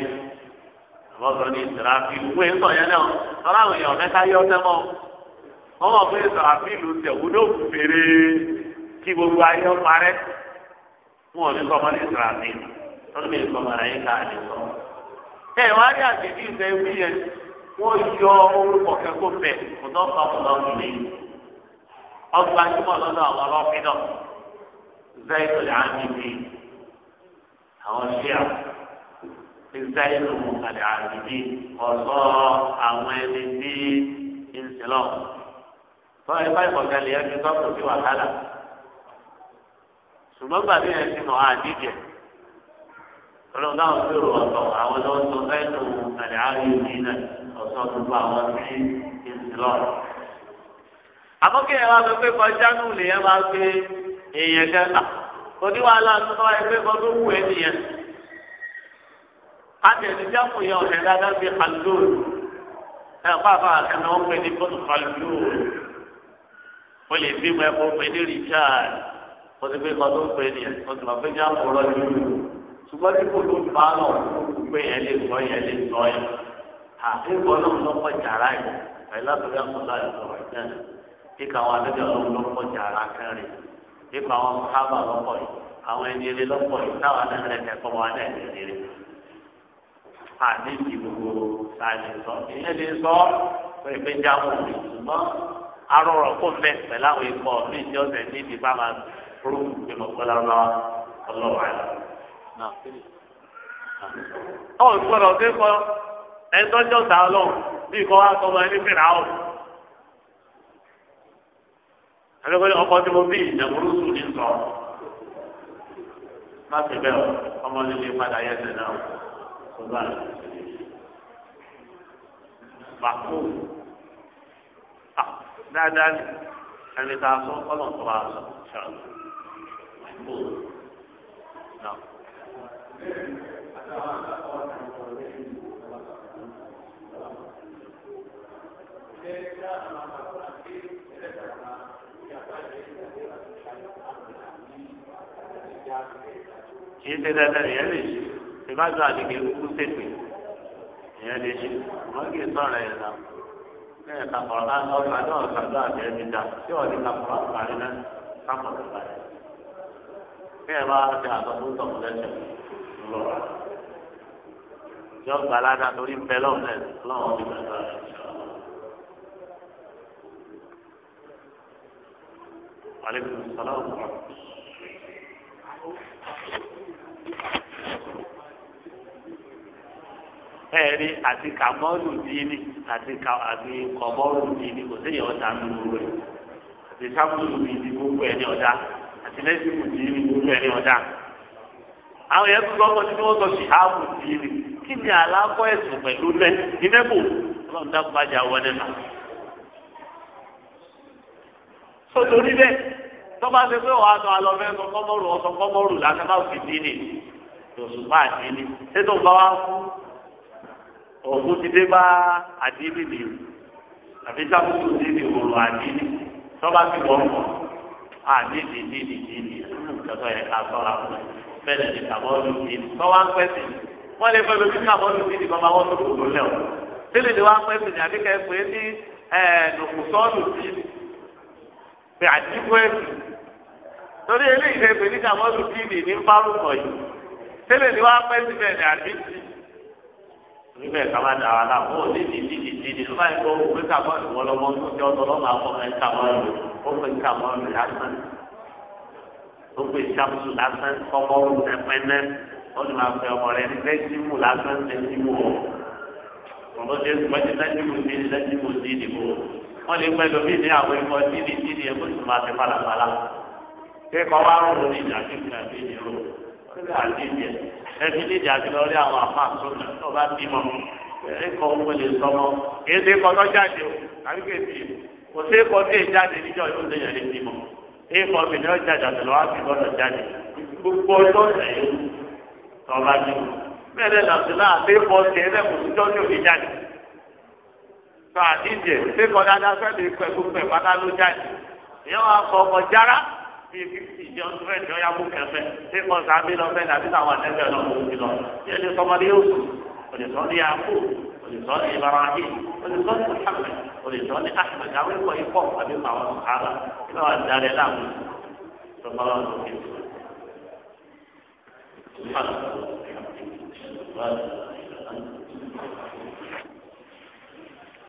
S2: àwọn sọ ní ìsìráfì wọ́n ń sọ kí gbogbo ayé ọ̀pá rẹ̀ fún ọ̀dún sọmọ ní ìsirasí lọ́dún mi sọmọ rẹ̀ yín káà ní sọ. ẹ wàá rí àgbèjì ìfẹ́ wí yẹn wọ́n yọ orúkọ kẹ́kọ̀ọ́ bẹ̀ kòtò ọ̀pá kòtò ọ̀dúnlé ọgbà jùmọ̀ lọ́dọ̀ àwọn ọlọ́fin náà zayidu làmìbí àwọn ṣíà zayidu làmìbí ọ̀sọ́ àwọn ẹni tí ń tọ́ ẹ bá ìkọ̀kẹ́ lè yẹ kí sọ́kùn sí wàhálà ṣùgbọ́n gbà bí ẹni mọ̀ àdíjẹ ọlọ́run táwọn tó rò ọ̀tọ̀ àwọn tó ń sọ fẹ́ẹ́nu àlẹ́ àárín òní náà ọ̀sán gbogbo àwọn tí ń sì lọ. àbọ̀kẹ́ ẹ̀ wá sọ pé kọjá nù lè yẹn máa gbé èèyàn kẹta oníwàhálà tó bá yẹ kọjú wù ẹ́ nìyẹn. àtẹ̀síjáfù yẹn ọ̀sẹ̀ dáadáa fi kàlùdùn ẹ̀ pàápàá àkànnà ó ní kótó kàlùdùn ó lè bímọ ẹ̀ kó pè ní rìcháàdì ó ti pé kan tó ń pè é nìyẹn ó ti mọ̀ pé jẹ́ àpò rọ́ ju ṣùgbọ́n tí kò tó bá lọ pé yẹn lè sọ yẹn lè sọ yẹn àkókò náà ló pọ̀ jàrá yìí pẹ̀lú àtúnyà tó bá yẹn sọ̀rọ̀ yẹn kíkà àwọn àdébíà ló pọ̀ jàrá kẹrin kíkà àwọn sábà lọ́pọ̀ yìí àwọn ẹni eré lọ́pọ̀ yìí táwọn ẹlẹ́rẹ́ kẹ́kọ̀ọ́ wọn náà ẹni fúrúkú pé mo gbọ́ lọ́wọ́ ọlọ́wọ́ àlọ́. ọ̀ ìgbọ́dọ̀ ṣe kọ́ ẹ̀ńtọ́jọ́ ta ọlọ́run bí kò wá sọmọ ẹni fìrà ọ̀. àlọ́kọ́lẹ́ ọkọ tí mo bí ìjàmbúrú sùn ní sọ. má ti bẹ́ẹ̀ ọmọ líle padà yẹ ẹsẹ̀ náà kó bá a. màkú ah, dáadáa ni ẹni tá a sọ ọlọ́run tó bá a sọ ṣáà. محفوظ نعم kì ìyẹn lè ṣe ìbáṣọ àdìgẹ kúkú tètè ìyẹn lè ṣe wọn kì í sọ̀rọ̀ yẹn náà bẹ́ẹ̀ kàkọrọ náà náà ọgbà àti ẹni dá tí wọn ti kàkọrọ àgbà rẹ náà kàkọrọ àgbà rẹ bí ẹ bá ṣe àtọ̀tún tọ̀kù lẹ́sẹ̀ lọ. ìjọ gbàládà torí ń bẹ lọ́wọ́ náà lọ́wọ́ bí bàbá rẹ̀ ṣe. وعليكم السلام ورحمة الله ẹ̀rí àti kàmọ́ọ̀lù dìínì àti kọ̀mọ́ọ̀lù dìínì kò sí ìyọ̀ọ́ta nínú rẹ̀ àti sábúlù dìínì gbogbo ẹ̀ ní ọ̀dá ìlẹ́sìn kù sí ní gbogbo ẹni ọ̀dà. àwọn yẹn tún lọ́kọ̀ tí wọ́n sọ sí ààbò sí ní kí ni àlákọ̀ ẹ̀sùn pẹ̀lú lẹ́ ìdẹ́kù ọlọ́run dákú bàjẹ́ àwọn ẹ̀dẹ̀ náà. sọtorí bẹ́ẹ̀ tọ́ba ṣe pé wàá sọ àlọ́ fẹ́ sọ kọ́mọ́rù ọ̀sọ̀ kọ́mọ́rù lásán bá fi dín ní lòṣùpá àdínní ṣètò bá wá fún òògùn ti dé bá àdínní nìyí àbí sábùkù dín ní òòrùn àdínní tọ́ba ti àdìdì dìdì dìdì lọ́tọ̀ yẹ ká sọ́ra fún ẹ bẹ́ẹ̀ ni kàbọ́ọ̀lù dìdì kọ́ wá ń pẹ́ sí wọ́n lè pẹ́ lórí kàbọ́ọ̀lù dìdì kọ́ máa wọ́n tó kòtò lẹ̀ o tẹ́lẹ̀ ni wọ́n á pẹ́ sí ni àbí kẹ́ pé ní ẹ̀ẹ́dùnkùsọ́ọ̀lù dìdì pé àdìgbò ẹ̀sìn torí eléyìí lè pè ní kàbọ́ọ̀lù dìdì ní fárúkọ yìí tẹ́lẹ̀ ni wọ́n á pẹ́ sí bẹ́ẹ̀ ni àdìgbò torí bẹ́ẹ̀ ká da wa la ní ní ní ní ní ní kó o pé ká mọ́ ìwọ lọ́mọ tó jẹ́ ọtọ lọ́mọ àwọn ó pè ká mọ́ lásán ó pè sàmùsù lásán ọmọ ọmọ ẹ̀pẹ́nẹ́ ó ní máa fẹ́ ọmọ rẹ ní lásán lẹ́sìmù ọ̀ ọmọ tó ń gbọ́dọ̀ lẹ́sìmù ní lẹ́sìmù ní ìdìbò wọ́n lè pẹ́ lómi ní àwọn ẹ̀kọ́ dídì dídì ẹ̀kọ́ tó máa fẹ́ pàlàpàlà kéèkọ́ wá rò ní ìdàgbé sílẹ̀ àdéjẹ ẹbí nídìí àti lọ rí àwọn àfa àtúntò tó bá bímọ ẹkọ owó lè sọmọ èdè kọtọ jáde o àbí kèsì kò sí ẹkọ tí jáde níjọ yóò lè yàn lè bímọ ẹkọ ọjà lọ wá sí jáde gbogbo tó bá bímọ lọ sí náà ẹ lẹkùn jáde tó dáadáa fẹẹ lè pátá ló jáde kọ bí fífi ìjọ fẹ́ ìjọ yá fún kẹfẹ́ bí kan sábẹ́ lọ fẹ́ tàbí táwọn àtẹ́fẹ́ lọ fún mi lọ yẹn ní sọmọdé yóò sùn òdìsọ́ ní yakú òdìsọ́ ní ibrahim òdìsọ́ ní muhammed òdìsọ́ ní ahmed àwọn ìwọ ikọ̀ àbí màwọn sàrà kí wọ́n darí láàmú sọmọdé lọ́wọ́ Thank you.